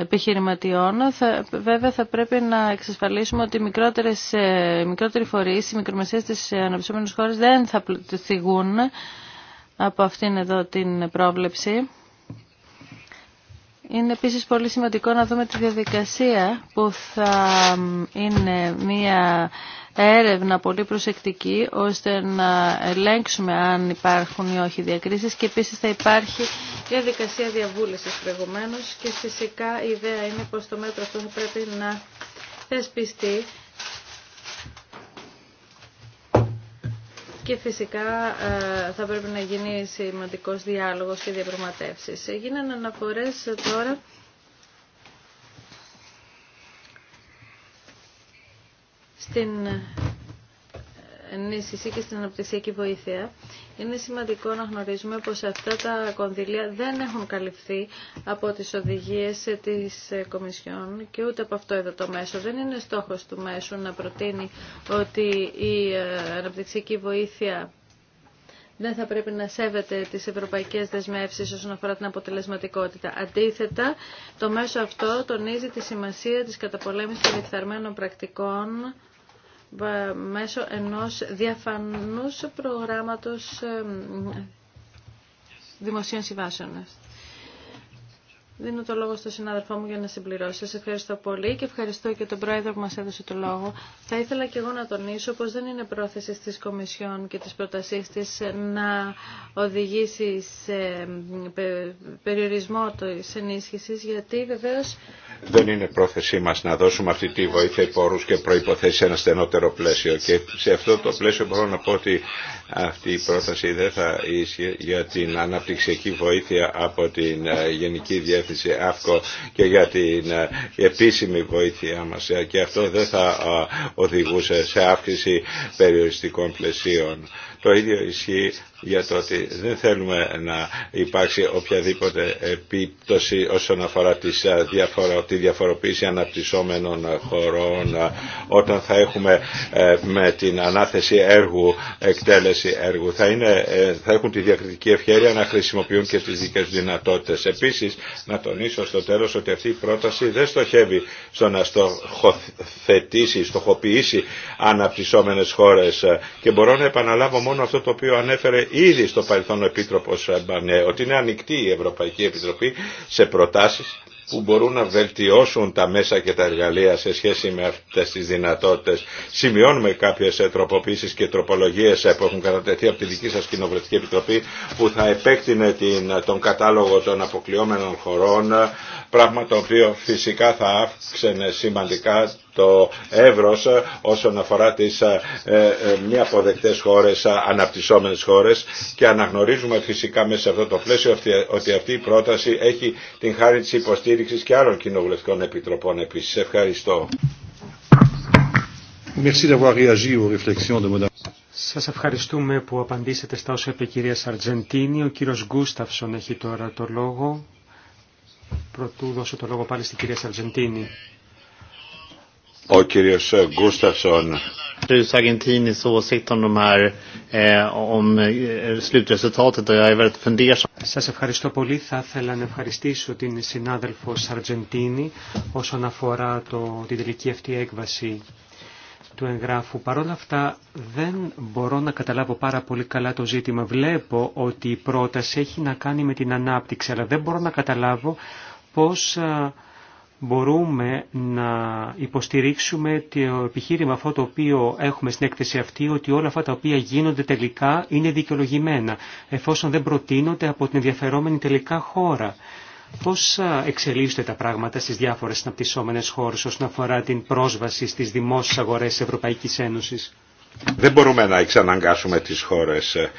επιχειρηματιών. Θα, βέβαια θα πρέπει να εξασφαλίσουμε ότι οι μικρότερες, ε, μικρότεροι φορείς, οι μικρομεσαίες της αναπτυσσόμενης χώρας δεν θα πληθυγούν από αυτήν εδώ την πρόβλεψη. Είναι επίσης πολύ σημαντικό να δούμε τη διαδικασία που θα είναι μία έρευνα πολύ προσεκτική ώστε να ελέγξουμε αν υπάρχουν ή όχι διακρίσεις και επίσης θα υπάρχει διαδικασία διαβούλευσης προηγουμένως και φυσικά η ιδέα διαβουλησης προηγουμενως και φυσικα η ιδεα ειναι πως το μέτρο αυτό θα πρέπει να θεσπιστεί και φυσικά ε, θα πρέπει να γίνει σημαντικός διάλογος και διαπραγματεύσεις. Έγιναν αναφορές τώρα στην ενίσχυση και στην αναπτυξιακή βοήθεια, είναι σημαντικό να γνωρίζουμε πως αυτά τα κονδυλία δεν έχουν καλυφθεί από τις οδηγίες της Κομισιόν και ούτε από αυτό εδώ το μέσο. Δεν είναι στόχος του μέσου να προτείνει ότι η ε, αναπτυξιακή βοήθεια δεν θα πρέπει να σέβεται τις ευρωπαϊκές δεσμεύσεις όσον αφορά την αποτελεσματικότητα. Αντίθετα, το μέσο αυτό τονίζει τη σημασία της καταπολέμησης των διεφθαρμένων πρακτικών μέσω ενός διαφανούς προγράμματος δημοσίων συμβάσεων. Δίνω το λόγο στον συνάδελφό μου για να συμπληρώσει. Σας ευχαριστώ πολύ και ευχαριστώ και τον πρόεδρο που μας έδωσε το λόγο. Θα ήθελα και εγώ να τονίσω πως δεν είναι πρόθεση της Κομισιόν και της προτασής της να οδηγήσει σε περιορισμό της ενίσχυσης γιατί βεβαίως... Δεν είναι πρόθεσή μας να δώσουμε αυτή τη βοήθεια υπόρους και προποθέσει ένα στενότερο πλαίσιο και σε αυτό το πλαίσιο μπορώ να πω ότι αυτή η πρόταση δεν θα ίσχυε για την αναπτυξιακή βοήθεια από την ε, Γενική Διεύθυνση ΑΦΚΟ και για την ε, επίσημη βοήθειά μας ε, και αυτό δεν θα οδηγούσε σε αύξηση περιοριστικών πλαισίων. Το ίδιο ισχύει για το ότι δεν θέλουμε να υπάρξει οποιαδήποτε επίπτωση όσον αφορά τις τη διαφοροποίηση αναπτυσσόμενων χωρών όταν θα έχουμε ε, με την ανάθεση έργου, εκτέλεση έργου. Θα, είναι, ε, θα έχουν τη διακριτική ευχαίρεια να χρησιμοποιούν και τις δικές δυνατότητες. Επίσης, να τονίσω στο τέλος ότι αυτή η πρόταση δεν στοχεύει στο να στοχοθετήσει, στοχοποιήσει αναπτυσσόμενες χώρες ε, και μπορώ να επαναλάβω μόνο αυτό το οποίο ανέφερε ήδη στο παρελθόν ο Επίτροπος Μπανέ, ότι είναι ανοιχτή η Ευρωπαϊκή Επιτροπή σε προτάσεις που μπορούν να βελτιώσουν τα μέσα και τα εργαλεία σε σχέση με αυτές τις δυνατότητες. Σημειώνουμε κάποιες τροποποίησεις και τροπολογίες που έχουν κατατεθεί από τη δική σας Κοινοβουλευτική Επιτροπή που θα επέκτηνε την, τον κατάλογο των αποκλειόμενων χωρών, πράγμα το οποίο φυσικά θα αύξαινε σημαντικά το εύρος ε, όσον αφορά τις ε, ε, μη αποδεκτές χώρες, αναπτυσσόμενες χώρες και αναγνωρίζουμε φυσικά μέσα σε αυτό το πλαίσιο ότι αυτή η πρόταση έχει την χάρη της υποστήριξης και άλλων κοινοβουλευτικών επιτροπών επίσης. Ευχαριστώ. Σας ευχαριστούμε που απαντήσετε στα όσα είπε η κυρία Σαρτζεντίνη. Ο κύριος Γκούσταυσον έχει τώρα το λόγο. Πρωτού δώσω το λόγο πάλι στην κυρία Σαρτζεντίνη. Ο κύριος ε, Σας ευχαριστώ πολύ. Θα ήθελα να ευχαριστήσω την συνάδελφο Σαρτζεντίνη όσον αφορά το, την τελική αυτή έκβαση του εγγράφου. Παρ' όλα αυτά δεν μπορώ να καταλάβω πάρα πολύ καλά το ζήτημα. Βλέπω ότι η πρόταση έχει να κάνει με την ανάπτυξη, αλλά δεν μπορώ να καταλάβω πώς μπορούμε να υποστηρίξουμε το επιχείρημα αυτό το οποίο έχουμε στην έκθεση αυτή, ότι όλα αυτά τα οποία γίνονται τελικά είναι δικαιολογημένα, εφόσον δεν προτείνονται από την ενδιαφερόμενη τελικά χώρα. Πώς εξελίσσονται τα πράγματα στις διάφορες συναπτυσσόμενες χώρες όσον αφορά την πρόσβαση στις δημόσιες αγορές της Ευρωπαϊκής Ένωσης. Δεν μπορούμε να εξαναγκάσουμε τις χώρες ε,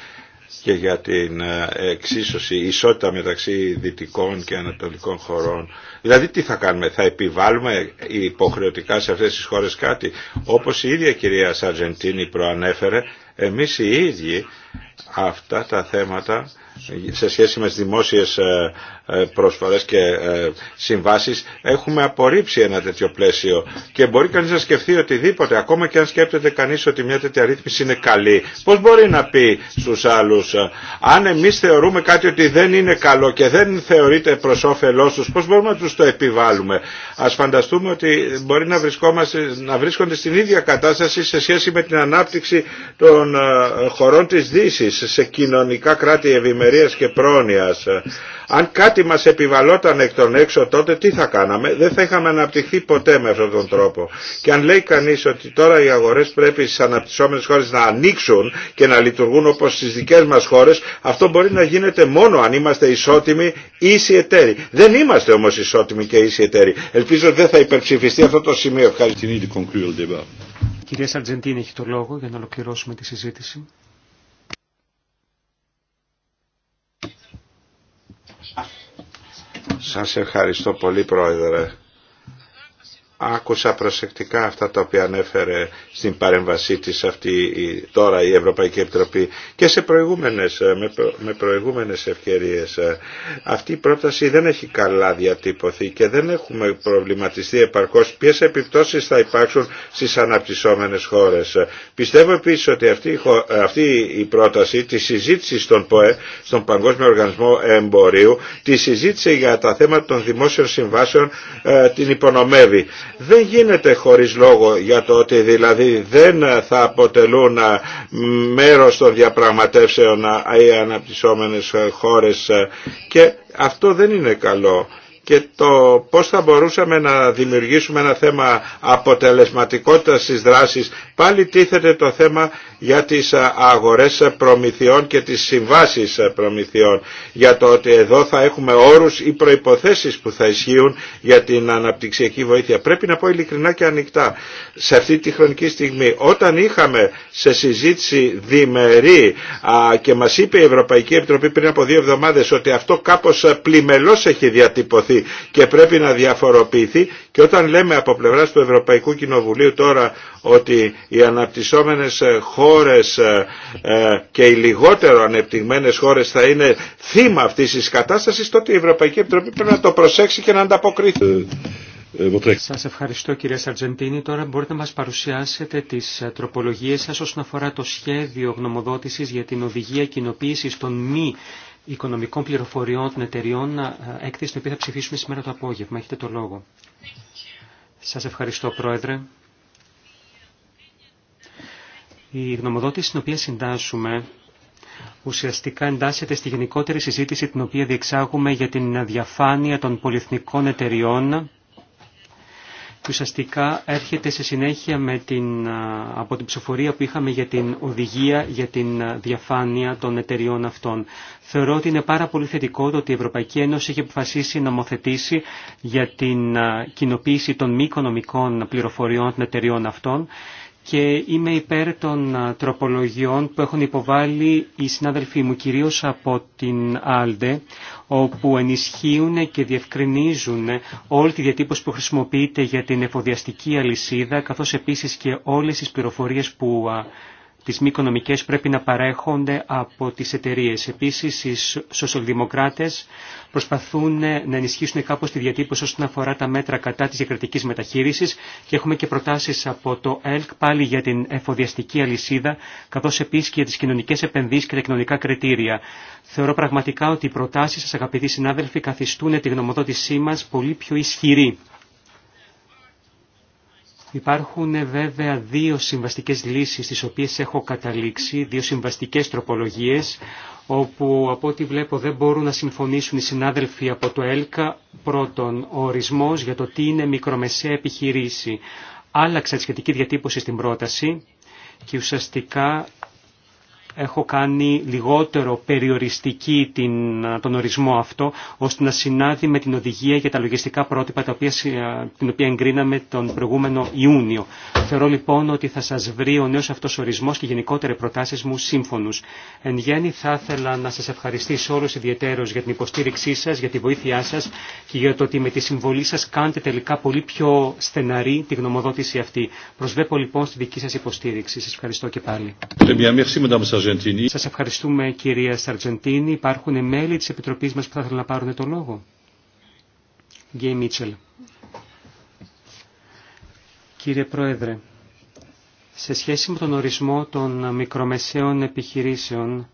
και για την ε, εξίσωση, ισότητα μεταξύ δυτικών και ανατολικών χωρών. Δηλαδή τι θα κάνουμε, θα επιβάλλουμε υποχρεωτικά σε αυτές τις χώρες κάτι. Όπως η ίδια κυρία Σαρτζεντίνη προανέφερε, εμείς οι ίδιοι αυτά τα θέματα σε σχέση με τις δημόσιες ε, ε, προσφορές και ε, συμβάσεις έχουμε απορρίψει ένα τέτοιο πλαίσιο και μπορεί κανείς να σκεφτεί οτιδήποτε ακόμα και αν σκέπτεται κανείς ότι μια τέτοια ρύθμιση είναι καλή πώς μπορεί να πει στους άλλους αν εμείς θεωρούμε κάτι ότι δεν είναι καλό και δεν θεωρείται προς όφελός τους πώς μπορούμε να τους το επιβάλλουμε ας φανταστούμε ότι μπορεί να, βρισκόμαστε, να βρίσκονται στην ίδια κατάσταση σε σχέση με την ανάπτυξη των χωρών της Δύσης σε κοινωνικά κράτη ευημερία ευημερίας και πρόνοιας. Αν κάτι μας επιβαλόταν εκ των έξω τότε τι θα κάναμε, δεν θα είχαμε αναπτυχθεί ποτέ με αυτόν τον τρόπο. Και αν λέει κανείς ότι τώρα οι αγορές πρέπει στις αναπτυσσόμενες χώρες να ανοίξουν και να λειτουργούν όπως στις δικές μας χώρες, αυτό μπορεί να γίνεται μόνο αν είμαστε ισότιμοι ή ίσοι εταίροι. Δεν είμαστε όμως ισότιμοι και ίσοι εταίροι. Ελπίζω δεν θα υπερψηφιστεί αυτό το σημείο. Ευχαριστώ. Κυρία Σαρτζεντίνη έχει το λόγο για να ολοκληρώσουμε τη συζήτηση. Σας ευχαριστώ πολύ Πρόεδρε. Άκουσα προσεκτικά αυτά τα οποία ανέφερε στην παρέμβασή της αυτή τώρα η Ευρωπαϊκή Επιτροπή και σε προηγούμενες, ε, με προηγούμενες ευκαιρίες. Ε, αυτή η πρόταση δεν έχει καλά διατύπωθεί και δεν έχουμε προβληματιστεί επαρκώς ποιες επιπτώσεις θα υπάρξουν στις αναπτυσσόμενες χώρες. Ε, πιστεύω επίσης ότι αυτή, αυτή η πρόταση τη συζήτηση στον ΠΟΕ, στον Παγκόσμιο Οργανισμό Εμπορίου, τη συζήτηση για τα θέματα των δημόσιων συμβάσεων την υπονομεύει δεν γίνεται χωρίς λόγο για το ότι δηλαδή δεν θα αποτελούν ε, μέρος των διαπραγματεύσεων ε, οι αναπτυσσόμενες ε, χώρες και αυτό δεν είναι καλό και το πώς θα μπορούσαμε να δημιουργήσουμε ένα θέμα αποτελεσματικότητας στις δράσεις. Πάλι τίθεται το θέμα για τις αγορές προμηθειών και τις συμβάσεις προμηθειών. Για το ότι εδώ θα έχουμε όρους ή προϋποθέσεις που θα ισχύουν για την αναπτυξιακή βοήθεια. Πρέπει να πω ειλικρινά και ανοιχτά. Σε αυτή τη χρονική στιγμή όταν είχαμε σε συζήτηση διμερή και μας είπε η Ευρωπαϊκή Επιτροπή πριν από δύο εβδομάδες ότι αυτό κάπως πλημελώς έχει διατυπωθεί και πρέπει να διαφοροποιηθεί και όταν λέμε από πλευράς του Ευρωπαϊκού Κοινοβουλίου τώρα ότι οι αναπτυσσόμενες ε, χώρες ε, ε, και οι λιγότερο ανεπτυγμένες χώρες θα είναι θύμα αυτής της κατάστασης τότε η Ευρωπαϊκή Επιτροπή πρέπει να το προσέξει και να ανταποκριθεί. Σας ευχαριστώ κυρία Σαρτζεντίνη. Τώρα μπορείτε να μας παρουσιάσετε τις τροπολογίες σας όσον αφορά το σχέδιο γνωμοδότησης για την οδηγία κοινοποίησης των μη οικονομικών πληροφοριών των εταιριών, ε, έκθεση την οποία θα ψηφίσουμε σήμερα το απόγευμα. Έχετε το λόγο. Σας ευχαριστώ, Πρόεδρε. Η γνωμοδότηση την οποία συντάσσουμε ουσιαστικά εντάσσεται στη γενικότερη συζήτηση την οποία διεξάγουμε για την διαφάνεια των πολυεθνικών εταιριών που ουσιαστικά έρχεται σε συνέχεια με την, από την ψηφορία που είχαμε για την οδηγία για την διαφάνεια των εταιριών αυτών. Θεωρώ ότι είναι πάρα πολύ θετικό το ότι η Ευρωπαϊκή Ένωση έχει αποφασίσει να νομοθετήσει για την κοινοποίηση των μη οικονομικών πληροφοριών των εταιριών αυτών και είμαι υπέρ των τροπολογιών που έχουν υποβάλει οι συνάδελφοί μου, κυρίως από την ΑΛΔΕ, όπου ενισχύουν και διευκρινίζουν όλη τη διατύπωση που χρησιμοποιείται για την εφοδιαστική αλυσίδα, καθώς επίσης και όλες τις πληροφορίες που τις μη οικονομικές πρέπει να παρέχονται από τις εταιρείες. Επίσης, οι σοσιαλδημοκράτες προσπαθούν ε, να ενισχύσουν κάπως τη διατύπωση όσον αφορά τα μέτρα κατά της διακρατικής μεταχείρισης και έχουμε και προτάσεις από το ΕΛΚ πάλι για την εφοδιαστική αλυσίδα, καθώς επίσης και για τις κοινωνικές επενδύσεις και τα κοινωνικά κριτήρια. Θεωρώ πραγματικά ότι οι προτάσεις σας, αγαπητοί συνάδελφοι, καθιστούν τη γνωμοδότησή μας πολύ πιο ισχυρή. Υπάρχουν ε, βέβαια δύο συμβαστικές λύσεις τις οποίες έχω καταλήξει, δύο συμβαστικές τροπολογίες, όπου από ό,τι βλέπω δεν μπορούν να συμφωνήσουν οι συνάδελφοι από το ΕΛΚΑ. Πρώτον, ο ορισμός για το τι είναι μικρομεσαία επιχειρήση. Άλλαξα τη σχετική διατύπωση στην πρόταση και ουσιαστικά έχω κάνει λιγότερο περιοριστική την, τον ορισμό αυτό, ώστε να συνάδει με την οδηγία για τα λογιστικά πρότυπα τα οποία, ε, την οποία εγκρίναμε τον προηγούμενο Ιούνιο. Θεωρώ λοιπόν ότι θα σας βρει ο νέος αυτός ορισμός και γενικότερα προτάσεις μου σύμφωνους. Εν γέννη θα ήθελα να σας ευχαριστήσω όλους ιδιαίτερως για την υποστήριξή σας, για τη βοήθειά σας και για το ότι με τη συμβολή σας κάνετε τελικά πολύ πιο στεναρή τη γνωμοδότηση αυτή. Προσβλέπω λοιπόν στη δική σας υποστήριξη. Σας ευχαριστώ και πάλι. Eh σας ευχαριστούμε κυρία Σαρτζεντίνη. Υπάρχουν μέλη της Επιτροπής μας που θα θέλουν να πάρουν το λόγο. Γκέι Μίτσελ. Κύριε Πρόεδρε, σε σχέση με τον ορισμό των μικρομεσαίων επιχειρήσεων,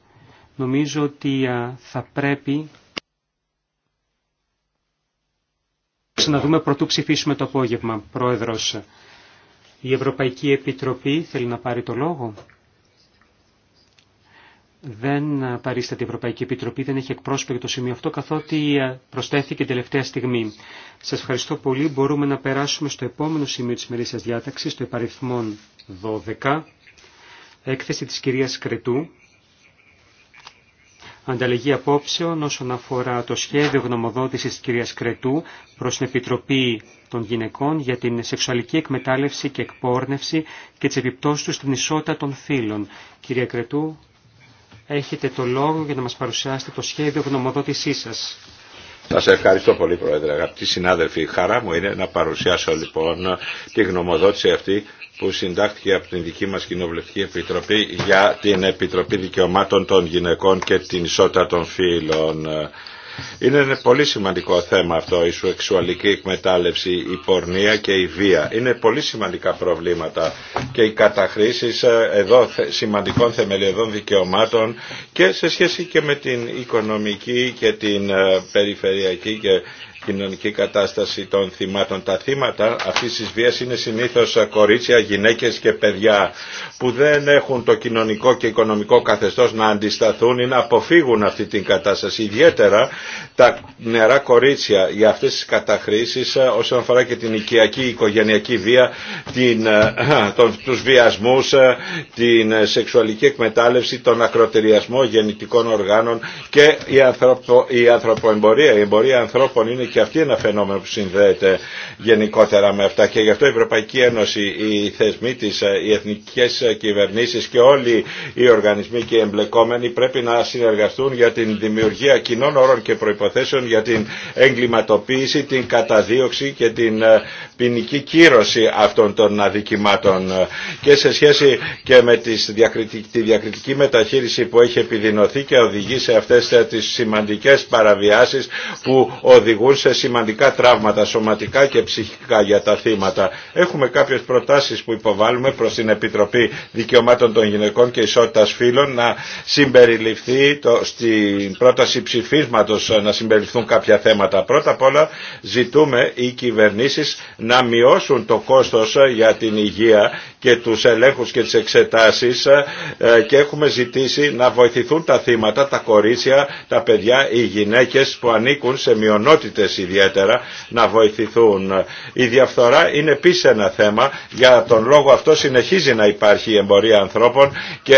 νομίζω ότι θα πρέπει να δούμε πρωτού ψηφίσουμε το απόγευμα, Πρόεδρος. Η Ευρωπαϊκή Επιτροπή θέλει να πάρει το λόγο δεν παρίσταται η Ευρωπαϊκή Επιτροπή, δεν έχει εκπρόσωπο το σημείο αυτό, καθότι ε, προσθέθηκε τελευταία στιγμή. Σα ευχαριστώ πολύ. Μπορούμε να περάσουμε στο επόμενο σημείο τη μερίσιας διάταξη, το επαριθμόν 12, έκθεση τη κυρία Κρετού. Ανταλλαγή απόψεων όσον αφορά το σχέδιο γνωμοδότησης της κυρίας Κρετού προς την Επιτροπή των Γυναικών για την σεξουαλική εκμετάλλευση και εκπόρνευση και τις επιπτώσεις του στην ισότητα των φύλων. Κυρία Κρετού, έχετε το λόγο για να μας παρουσιάσετε το σχέδιο γνωμοδότησή σας. Σα ευχαριστώ πολύ Πρόεδρε, αγαπητοί συνάδελφοι. Χαρά μου είναι να παρουσιάσω λοιπόν τη γνωμοδότηση αυτή που συντάχθηκε από την δική μας Κοινοβουλευτική Επιτροπή για την Επιτροπή Δικαιωμάτων των Γυναικών και την Ισότητα των Φίλων. Είναι ένα πολύ σημαντικό θέμα αυτό η σεξουαλική εκμετάλλευση, η πορνεία και η βία. Είναι πολύ σημαντικά προβλήματα και οι καταχρήσεις ε, εδώ σημαντικών θεμελιωδών δικαιωμάτων και σε σχέση και με την οικονομική και την ε, περιφερειακή και κοινωνική κατάσταση των θυμάτων. Τα θύματα αυτής της βίας είναι συνήθως κορίτσια, γυναίκες και παιδιά που δεν έχουν το κοινωνικό και οικονομικό καθεστώς να αντισταθούν ή να αποφύγουν αυτή την κατάσταση. Ιδιαίτερα τα νερά κορίτσια για αυτές τις καταχρήσεις ε, όσον αφορά και την οικιακή οικογενειακή βία, την, ε, [clears throat] τον, τους βιασμούς, ε, την σεξουαλική εκμετάλλευση, τον ακροτεριασμό γεννητικών οργάνων και η, ανθρωπο, η ανθρωποεμπορία, η εμπορία ανθρώπων είναι και αυτή είναι ένα φαινόμενο που συνδέεται γενικότερα με αυτά και γι' αυτό η Ευρωπαϊκή Ένωση, οι θεσμοί της, οι εθνικές κυβερνήσεις και όλοι οι οργανισμοί και οι εμπλεκόμενοι πρέπει να συνεργαστούν για την δημιουργία κοινών όρων και προϋποθέσεων για την εγκληματοποίηση, την καταδίωξη και την ε, ποινική κύρωση αυτών των αδικημάτων ε, και σε σχέση και με τις διακριτική, τη διακριτική μεταχείριση που έχει επιδεινωθεί και οδηγεί σε αυτές ε, τις σημαντικές παραβιάσεις που οδηγούν σε σημαντικά τραύματα σωματικά και ψυχικά για τα θύματα. Έχουμε κάποιες προτάσεις που υποβάλλουμε προς την Επιτροπή Δικαιωμάτων των Γυναικών και Ισότητας Φύλων να συμπεριληφθεί το, στην πρόταση ψηφίσματος ε, να συμπεριληφθούν κάποια θέματα. Πρώτα απ' όλα ζητούμε οι κυβερνήσεις να μειώσουν το κόστος ε, για την υγεία και τους ελέγχους και τις εξετάσεις ε, ε, και έχουμε ζητήσει να βοηθηθούν τα θύματα, τα κορίτσια, τα παιδιά, οι γυναίκες που ανήκουν σε μειονότητες ιδιαίτερα να βοηθηθούν. Η διαφθορά είναι επίση ένα θέμα, για τον λόγο αυτό συνεχίζει να υπάρχει η εμπορία ανθρώπων και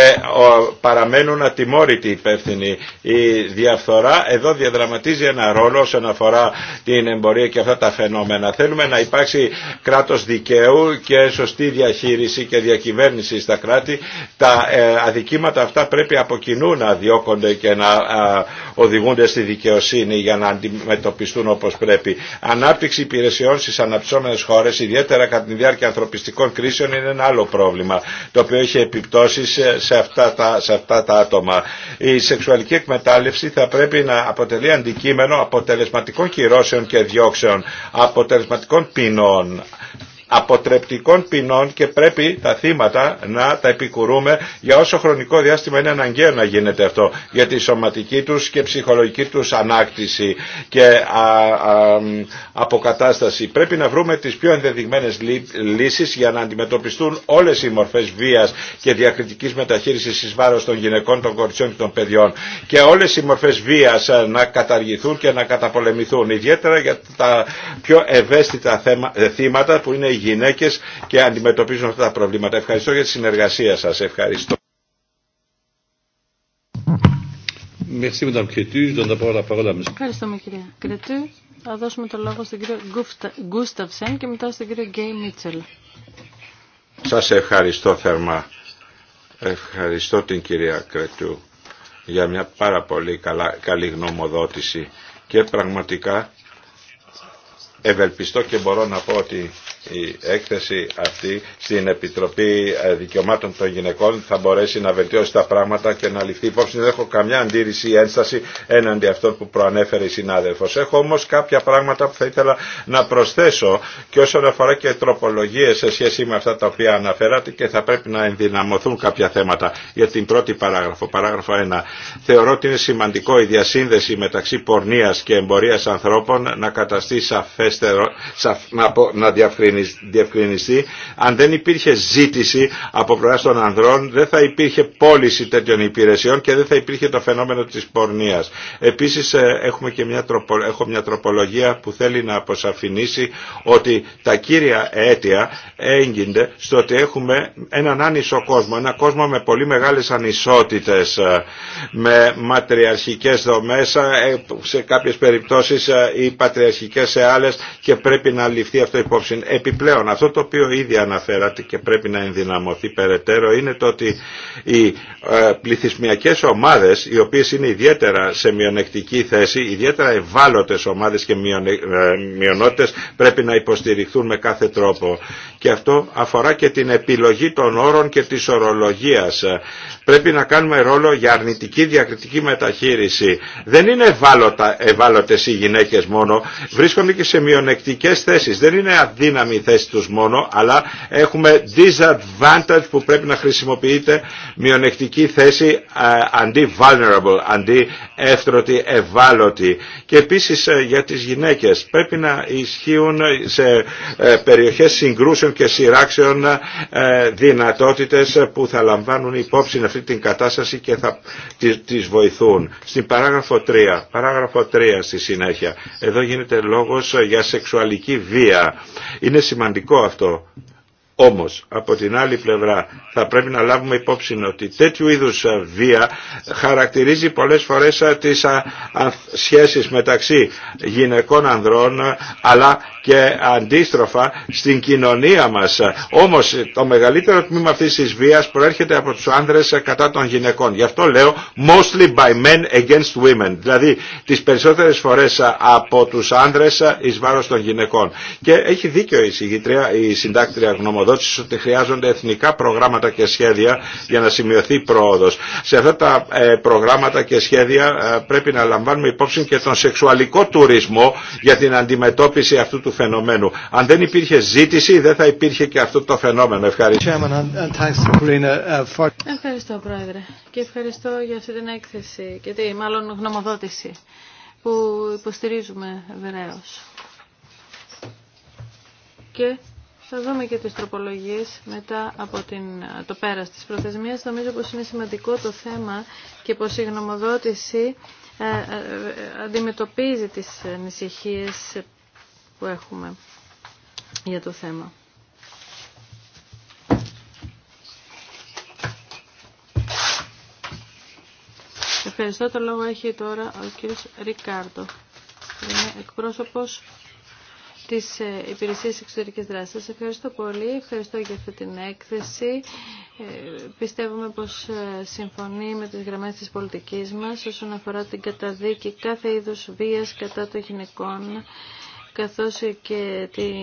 παραμένουν ατιμόρυτοι υπεύθυνοι. Η διαφθορά εδώ διαδραματίζει ένα ρόλο όσον αφορά την εμπορία και αυτά τα φαινόμενα. Θέλουμε να υπάρξει Κράτο κράτος δικαίου και σωστή διαχείριση και διακυβέρνηση στα κράτη, τα ε, αδικήματα αυτά πρέπει από κοινού να διώκονται και να οδηγούνται στη δικαιοσύνη για να αντιμετωπιστούν όπως πρέπει. Ανάπτυξη υπηρεσιών στις αναπτυσσόμενες χώρες, ιδιαίτερα κατά τη διάρκεια ανθρωπιστικών κρίσεων, είναι ένα άλλο πρόβλημα, το οποίο έχει επιπτώσει σε αυτά τα, σε αυτά τα άτομα. Η σεξουαλική εκμετάλλευση θα πρέπει να αποτελεί αντικείμενο αποτελεσματικών κυρώσεων και διώξεων, αποτελεσματικών ποινών χωρών αποτρεπτικών ποινών και πρέπει τα θύματα να τα επικουρούμε για όσο χρονικό διάστημα είναι αναγκαίο να γίνεται αυτό για τη σωματική τους και ψυχολογική τους ανάκτηση και αποκατάσταση. Πρέπει να βρούμε τις πιο ενδεδειγμένες λύσεις για να αντιμετωπιστούν όλες οι μορφές βίας και διακριτικής μεταχείρισης εις βάρος των γυναικών, των κοριτσιών και των παιδιών και όλες οι μορφές βίας ε, να καταργηθούν και να καταπολεμηθούν ιδιαίτερα για τα πιο ευαίσθητα ε, θύματα που είναι γυναίκες και αντιμετωπίζουν αυτά τα προβλήματα. Ευχαριστώ για τη συνεργασία σας. Ευχαριστώ. Ευχαριστούμε κυρία Κρετού. Θα δώσουμε το λόγο στην κύριο Γκούσταυσεν και μετά στην κύριο Γκέι Μίτσελ. Σας ευχαριστώ θερμά. Ευχαριστώ την κυρία Κρετού για μια πάρα πολύ καλή γνωμοδότηση και πραγματικά ευελπιστώ και μπορώ να πω ότι η έκθεση αυτή στην Επιτροπή ε, Δικαιωμάτων των Γυναικών θα μπορέσει να βελτιώσει τα πράγματα και να ληφθεί υπόψη. Δεν έχω καμιά αντίρρηση ή ένσταση έναντι αυτών που προανέφερε η συνάδελφος. Έχω όμως κάποια πράγματα που θα ήθελα να προσθέσω και όσον αφορά και τροπολογίες σε σχέση με αυτά τα οποία αναφέρατε και θα πρέπει να ενδυναμωθούν κάποια θέματα για την πρώτη παράγραφο, παράγραφο 1. Θεωρώ ότι είναι σημαντικό η διασύνδεση μεταξύ πορνείας και εμπορίας ανθρώπων να καταστεί να διαφρύνει διευκρινιστεί. Αν δεν υπήρχε ζήτηση από πλευρά των ανδρών, δεν θα υπήρχε πώληση τέτοιων υπηρεσιών και δεν θα υπήρχε το φαινόμενο της πορνείας. Επίσης ε, έχουμε έχω μια τροπολογία που θέλει να αποσαφηνίσει ότι τα κύρια αίτια έγινε στο ότι έχουμε έναν άνισο κόσμο, ένα κόσμο με πολύ μεγάλες ανισότητες, ε, με ματριαρχικές δομές, ε, σε κάποιες περιπτώσεις ή πατριαρχικές σε άλλες και πρέπει να ληφθεί αυτό υπόψη. Επιπλέον, αυτό το οποίο ήδη αναφέρατε και πρέπει να ενδυναμωθεί περαιτέρω είναι το ότι οι ε, πληθυσμιακές ομάδες, οι οποίες είναι ιδιαίτερα σε μειονεκτική θέση, ιδιαίτερα ευάλωτες ομάδες και ε, μειονότητες πρέπει να υποστηριχθούν με κάθε τρόπο. Και αυτό αφορά και την επιλογή των όρων και της ορολογίας. Πρέπει να κάνουμε ρόλο για αρνητική διακριτική μεταχείριση. Δεν είναι ευάλωτα, ευάλωτες οι γυναίκες μόνο, βρίσκονται και σε μειονεκτικές θέσεις. Δεν είναι η θέση τους μόνο, αλλά έχουμε disadvantage που πρέπει να χρησιμοποιείται μειονεκτική θέση ε, αντί vulnerable, αντί εύθρωτοι, ευάλωτοι. Και επίσης ε, για τις γυναίκες πρέπει να ισχύουν σε ε, περιοχές συγκρούσεων και σειράξεων ε, δυνατότητες που θα λαμβάνουν υπόψη αυτή την κατάσταση και θα τις βοηθούν. Στην παράγραφο 3, παράγραφο 3 στη συνέχεια, εδώ γίνεται λόγος για σεξουαλική βία. Είναι σημαντικό αυτό όμως από την άλλη πλευρά θα πρέπει να λάβουμε υπόψη ότι τέτοιου είδους ε, βία χαρακτηρίζει πολλές φορές ε, τις σχέσεις μεταξύ γυναικών ανδρών ε, αλλά και αντίστροφα στην κοινωνία μας. Όμως το μεγαλύτερο τμήμα αυτής της βίας προέρχεται από τους άνδρες κατά των γυναικών. Γι' αυτό λέω mostly by men against women. Δηλαδή τις περισσότερες φορές από τους άνδρες εις βάρος των γυναικών. Και έχει δίκιο η, η συντάκτρια γνωμοδότηση χρηματοδότησης ότι χρειάζονται εθνικά προγράμματα και σχέδια για να σημειωθεί πρόοδος. Σε αυτά τα ε, προγράμματα και σχέδια ε, πρέπει να λαμβάνουμε υπόψη και τον σεξουαλικό τουρισμό για την αντιμετώπιση αυτού του φαινομένου. Αν δεν υπήρχε ζήτηση δεν θα υπήρχε και αυτό το φαινόμενο. Ευχαριστώ. Uh, ευχαριστώ Πρόεδρε και ευχαριστώ για αυτή την έκθεση και τη μάλλον γνωμοδότηση που υποστηρίζουμε βεραίως. Και θα δούμε και τις τροπολογίες μετά από την, το πέρας της προθεσμίας. Νομίζω πως είναι σημαντικό το θέμα και πως η γνωμοδότηση ε, ε, ε, αντιμετωπίζει τις ανησυχίε που έχουμε για το θέμα. Ευχαριστώ. Το λόγο έχει τώρα ο κύριος Ρικάρτο. Είναι εκπρόσωπος της ε, Υπηρεσίας Εξωτερικής Δράσης. ευχαριστώ πολύ. Ευχαριστώ για αυτή την έκθεση. Ε, πιστεύουμε πως ε, συμφωνεί με τις γραμμές της πολιτικής μας όσον αφορά την καταδίκη κάθε είδους βίας κατά των γυναικών καθώς και την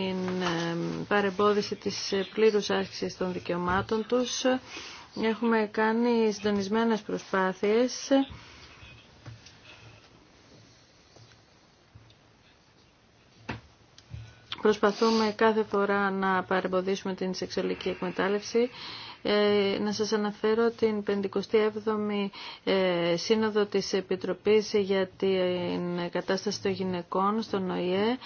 παρεμπόδιση της πλήρους άσκησης των δικαιωμάτων τους. Έχουμε κάνει συντονισμένες προσπάθειες Προσπαθούμε κάθε φορά να παρεμποδίσουμε την σεξουαλική εκμετάλλευση. Ε, να σας αναφέρω την 57η ε, Σύνοδο της Επιτροπής για την κατάσταση των γυναικών στον ΟΗΕ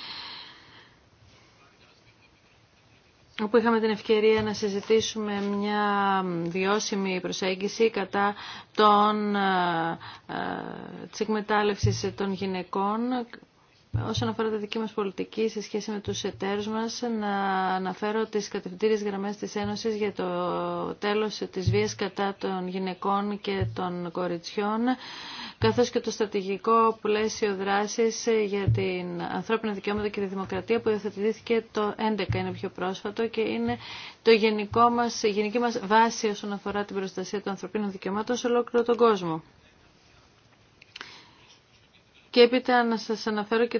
όπου είχαμε την ευκαιρία να συζητήσουμε μια βιώσιμη προσέγγιση κατά των, ε, ε της εκμετάλλευσης των γυναικών όσον αφορά τη δική μας πολιτική σε σχέση με τους εταίρους μας να αναφέρω τις κατευθυντήριες γραμμές της Ένωσης για το τέλος της βίας κατά των γυναικών και των κοριτσιών καθώς και το στρατηγικό πλαίσιο δράσης για την ανθρώπινα δικαιώματα και τη δημοκρατία που υιοθετηθήκε το 2011 είναι πιο πρόσφατο και είναι το γενικό μας, η γενική μας βάση όσον αφορά την προστασία των ανθρωπίνων δικαιωμάτων σε ολόκληρο τον κόσμο. Και έπειτα να σας αναφέρω και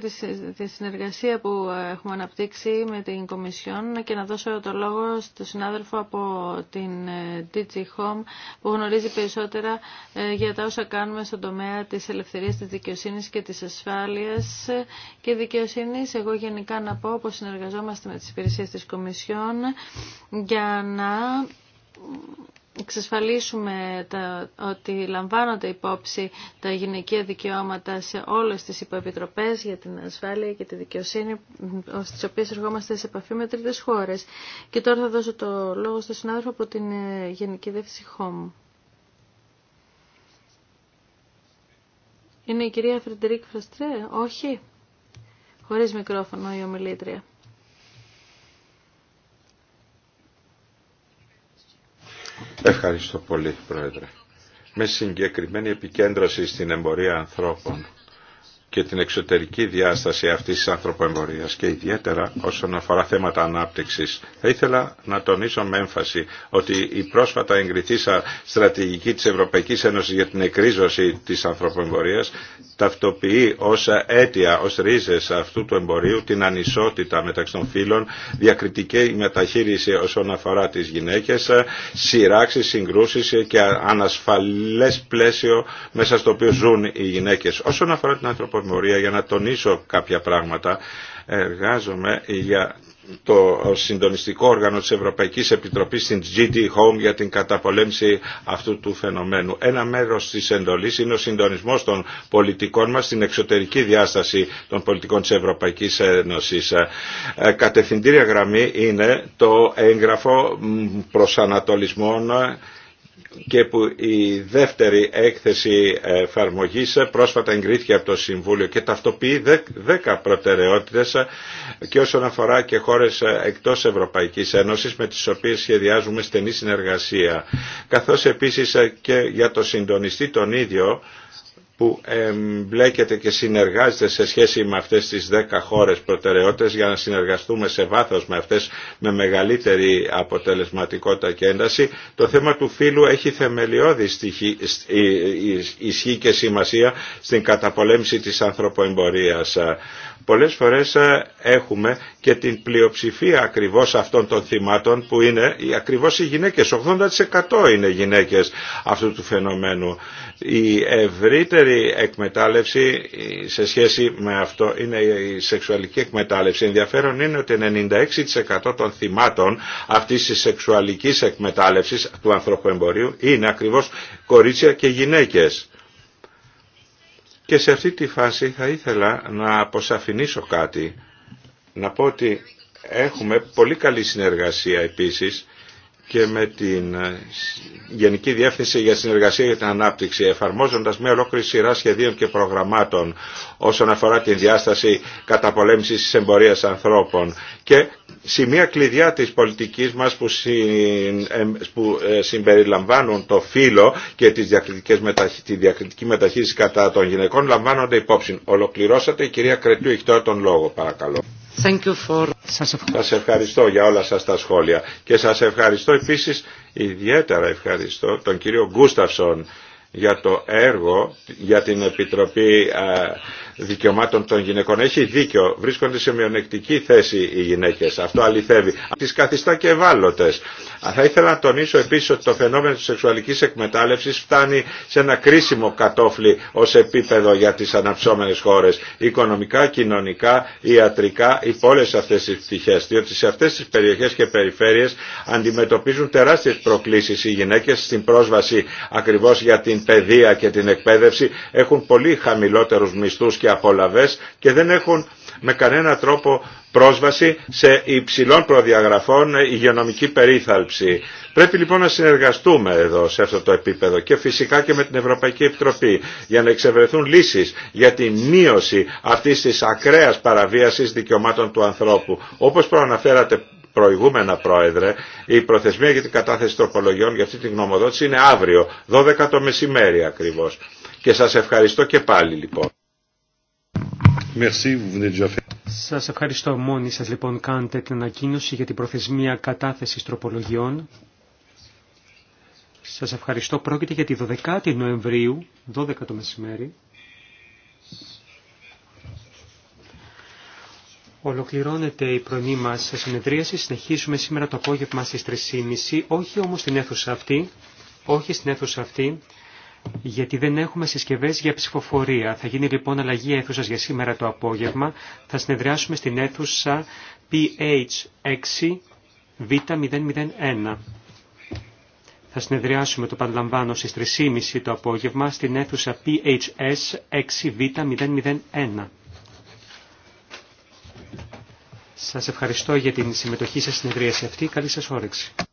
τη συνεργασία που ε, έχουμε αναπτύξει με την Κομισιόν και να δώσω το λόγο στο συνάδελφο από την ε, DG Home που γνωρίζει περισσότερα ε, για τα όσα κάνουμε στον τομέα της ελευθερίας της δικαιοσύνης και της ασφάλειας και δικαιοσύνης. Εγώ γενικά να πω πως συνεργαζόμαστε με τις υπηρεσίες της Κομισιόν για να εξασφαλίσουμε τα, ότι λαμβάνονται υπόψη τα γυναικεία δικαιώματα σε όλες τις υποεπιτροπές για την ασφάλεια και τη δικαιοσύνη στις οποίες εργόμαστε σε επαφή με τρίτες χώρες. Και τώρα θα δώσω το λόγο στον συνάδελφο από την ε, Γενική Δεύση ΧΟΜ. Είναι η κυρία Φρεντερίκ Φραστρέ, όχι. Χωρίς μικρόφωνο η ομιλήτρια. Ευχαριστώ πολύ, Πρόεδρε. Με συγκεκριμένη επικέντρωση στην εμπορία ανθρώπων και την εξωτερική διάσταση αυτής της ανθρωποεμπορίας και ιδιαίτερα όσον αφορά θέματα ανάπτυξης. Θα ήθελα να τονίσω με έμφαση ότι η πρόσφατα εγκριθήσα στρατηγική της Ευρωπαϊκής Ένωσης για την εκρίζωση της ανθρωποεμπορίας ταυτοποιεί ως αίτια, ως ρίζες αυτού του εμπορίου την ανισότητα μεταξύ των φύλων, διακριτική μεταχείριση όσον αφορά τις γυναίκες, σειράξεις, συγκρούσεις και ανασφαλές πλαίσιο μέσα στο οποίο ζουν οι γυναίκες. Όσον αφορά την ανθρωπομορία, για να τονίσω κάποια πράγματα, εργάζομαι για το συντονιστικό όργανο της Ευρωπαϊκής Επιτροπής στην GD Home για την καταπολέμηση αυτού του φαινομένου. Ένα μέρος της εντολής είναι ο συντονισμός των πολιτικών μας στην εξωτερική διάσταση των πολιτικών της Ευρωπαϊκής Ένωσης. Ε, κατευθυντήρια γραμμή είναι το έγγραφο προσανατολισμών και που η δεύτερη έκθεση εφαρμογή πρόσφατα εγκρίθηκε από το Συμβούλιο και ταυτοποιεί δέκα προτεραιότητες και όσον αφορά και χώρες εκτός Ευρωπαϊκής Ένωσης με τις οποίες σχεδιάζουμε στενή συνεργασία. Καθώς επίσης και για το συντονιστή τον ίδιο που εμπλέκεται και συνεργάζεται σε σχέση με αυτές τις 10 χώρες προτεραιότητες για να συνεργαστούμε σε βάθος με αυτές με μεγαλύτερη αποτελεσματικότητα και ένταση. Το θέμα του φύλου έχει θεμελιώδη ε, ε, ισχύ και σημασία στην καταπολέμηση της ανθρωποεμπορίας. Πολλές φορές ε, έχουμε και την πλειοψηφία ακριβώς αυτών των θυμάτων που είναι ακριβώς οι γυναίκες. 80% είναι γυναίκες αυτού του φαινομένου. Η ευρύτερη εκμετάλλευση ε, σε σχέση με αυτό είναι η σεξουαλική εκμετάλλευση. Ενδιαφέρον είναι ότι 96% των θυμάτων αυτής της σεξουαλικής εκμετάλλευσης του εμπορίου είναι ακριβώς κορίτσια και γυναίκες. Και σε αυτή τη φάση θα ήθελα να αποσαφηνίσω κάτι, να πω ότι έχουμε πολύ καλή συνεργασία επίσης και με την ε, Γενική Διεύθυνση για Συνεργασία για την Ανάπτυξη, εφαρμόζοντας μια ολόκληρη σειρά σχεδίων και προγραμμάτων όσον αφορά την διάσταση καταπολέμησης της εμπορίας ανθρώπων και σημεία κλειδιά της πολιτικής μας που, ε, ε, συμπεριλαμβάνουν το φύλλο και τις διακριτικές τη διακριτική μεταχείριση κατά των γυναικών λαμβάνονται υπόψη. Ολοκληρώσατε, η κυρία Κρετού έχει τώρα τον λόγο παρακαλώ. Thank you for... Σας ευχαριστώ. για όλα σας τα σχόλια και σας ευχαριστώ επίσης ιδιαίτερα ευχαριστώ τον κύριο Γκούσταυσον για το έργο για την Επιτροπή Δικαιωμάτων των Γυναικών. Έχει δίκιο, βρίσκονται σε μειονεκτική θέση οι γυναίκες. Αυτό αληθεύει. Τις καθιστά και ευάλωτες. Θα ήθελα να τονίσω επίσης ότι το φαινόμενο της σεξουαλικής εκμετάλλευσης φτάνει σε ένα κρίσιμο κατόφλι ως επίπεδο για τις αναψώμενες χώρες. Οικονομικά, κοινωνικά, ιατρικά, υπό όλες αυτές τις πτυχές. Διότι σε αυτές τις περιοχές και περιφέρειες αντιμετωπίζουν τεράστιες προκλήσεις οι γυναίκες στην πρόσβαση ακριβώς για την παιδεία και την εκπαίδευση. Έχουν πολύ χαμηλότερους μισθούς και απολαβές και δεν έχουν με κανένα τρόπο πρόσβαση σε υψηλών προδιαγραφών υγειονομική περίθαλψη. Πρέπει λοιπόν να συνεργαστούμε εδώ σε αυτό το επίπεδο και φυσικά και με την Ευρωπαϊκή Επιτροπή για να εξευρεθούν λύσεις για τη μείωση αυτής της ακραίας παραβίασης δικαιωμάτων του ανθρώπου. Όπως προαναφέρατε προηγούμενα πρόεδρε, η προθεσμία για την κατάθεση τροπολογιών για αυτή την γνωμοδότηση είναι αύριο, 12 το μεσημέρι ακριβώς. Και σας ευχαριστώ και πάλι λοιπόν. Merci, vous venez déjà faire. Σας ευχαριστώ μόνοι σας λοιπόν κάντε την ανακοίνωση για την προθεσμία κατάθεσης τροπολογιών. Σας ευχαριστώ. Πρόκειται για τη 12η Νοεμβρίου, 12 το μεσημέρι. Ολοκληρώνεται η πρωινή μα συνεδρίαση. Συνεχίζουμε σήμερα το απόγευμα στις 3.30, όχι όμως την αίθουσα αυτή, όχι στην αίθουσα αυτή, γιατί δεν έχουμε συσκευές για ψηφοφορία. Θα γίνει λοιπόν αλλαγή αίθουσας για σήμερα το απόγευμα. Θα συνεδριάσουμε στην αίθουσα 6 v Β001. Θα συνεδριάσουμε το παραλαμβάνω στις 3.30 το απόγευμα στην αίθουσα PHS 6 v 001 Σας ευχαριστώ για την συμμετοχή σας στην συνεδρίαση αυτή. Καλή σας όρεξη.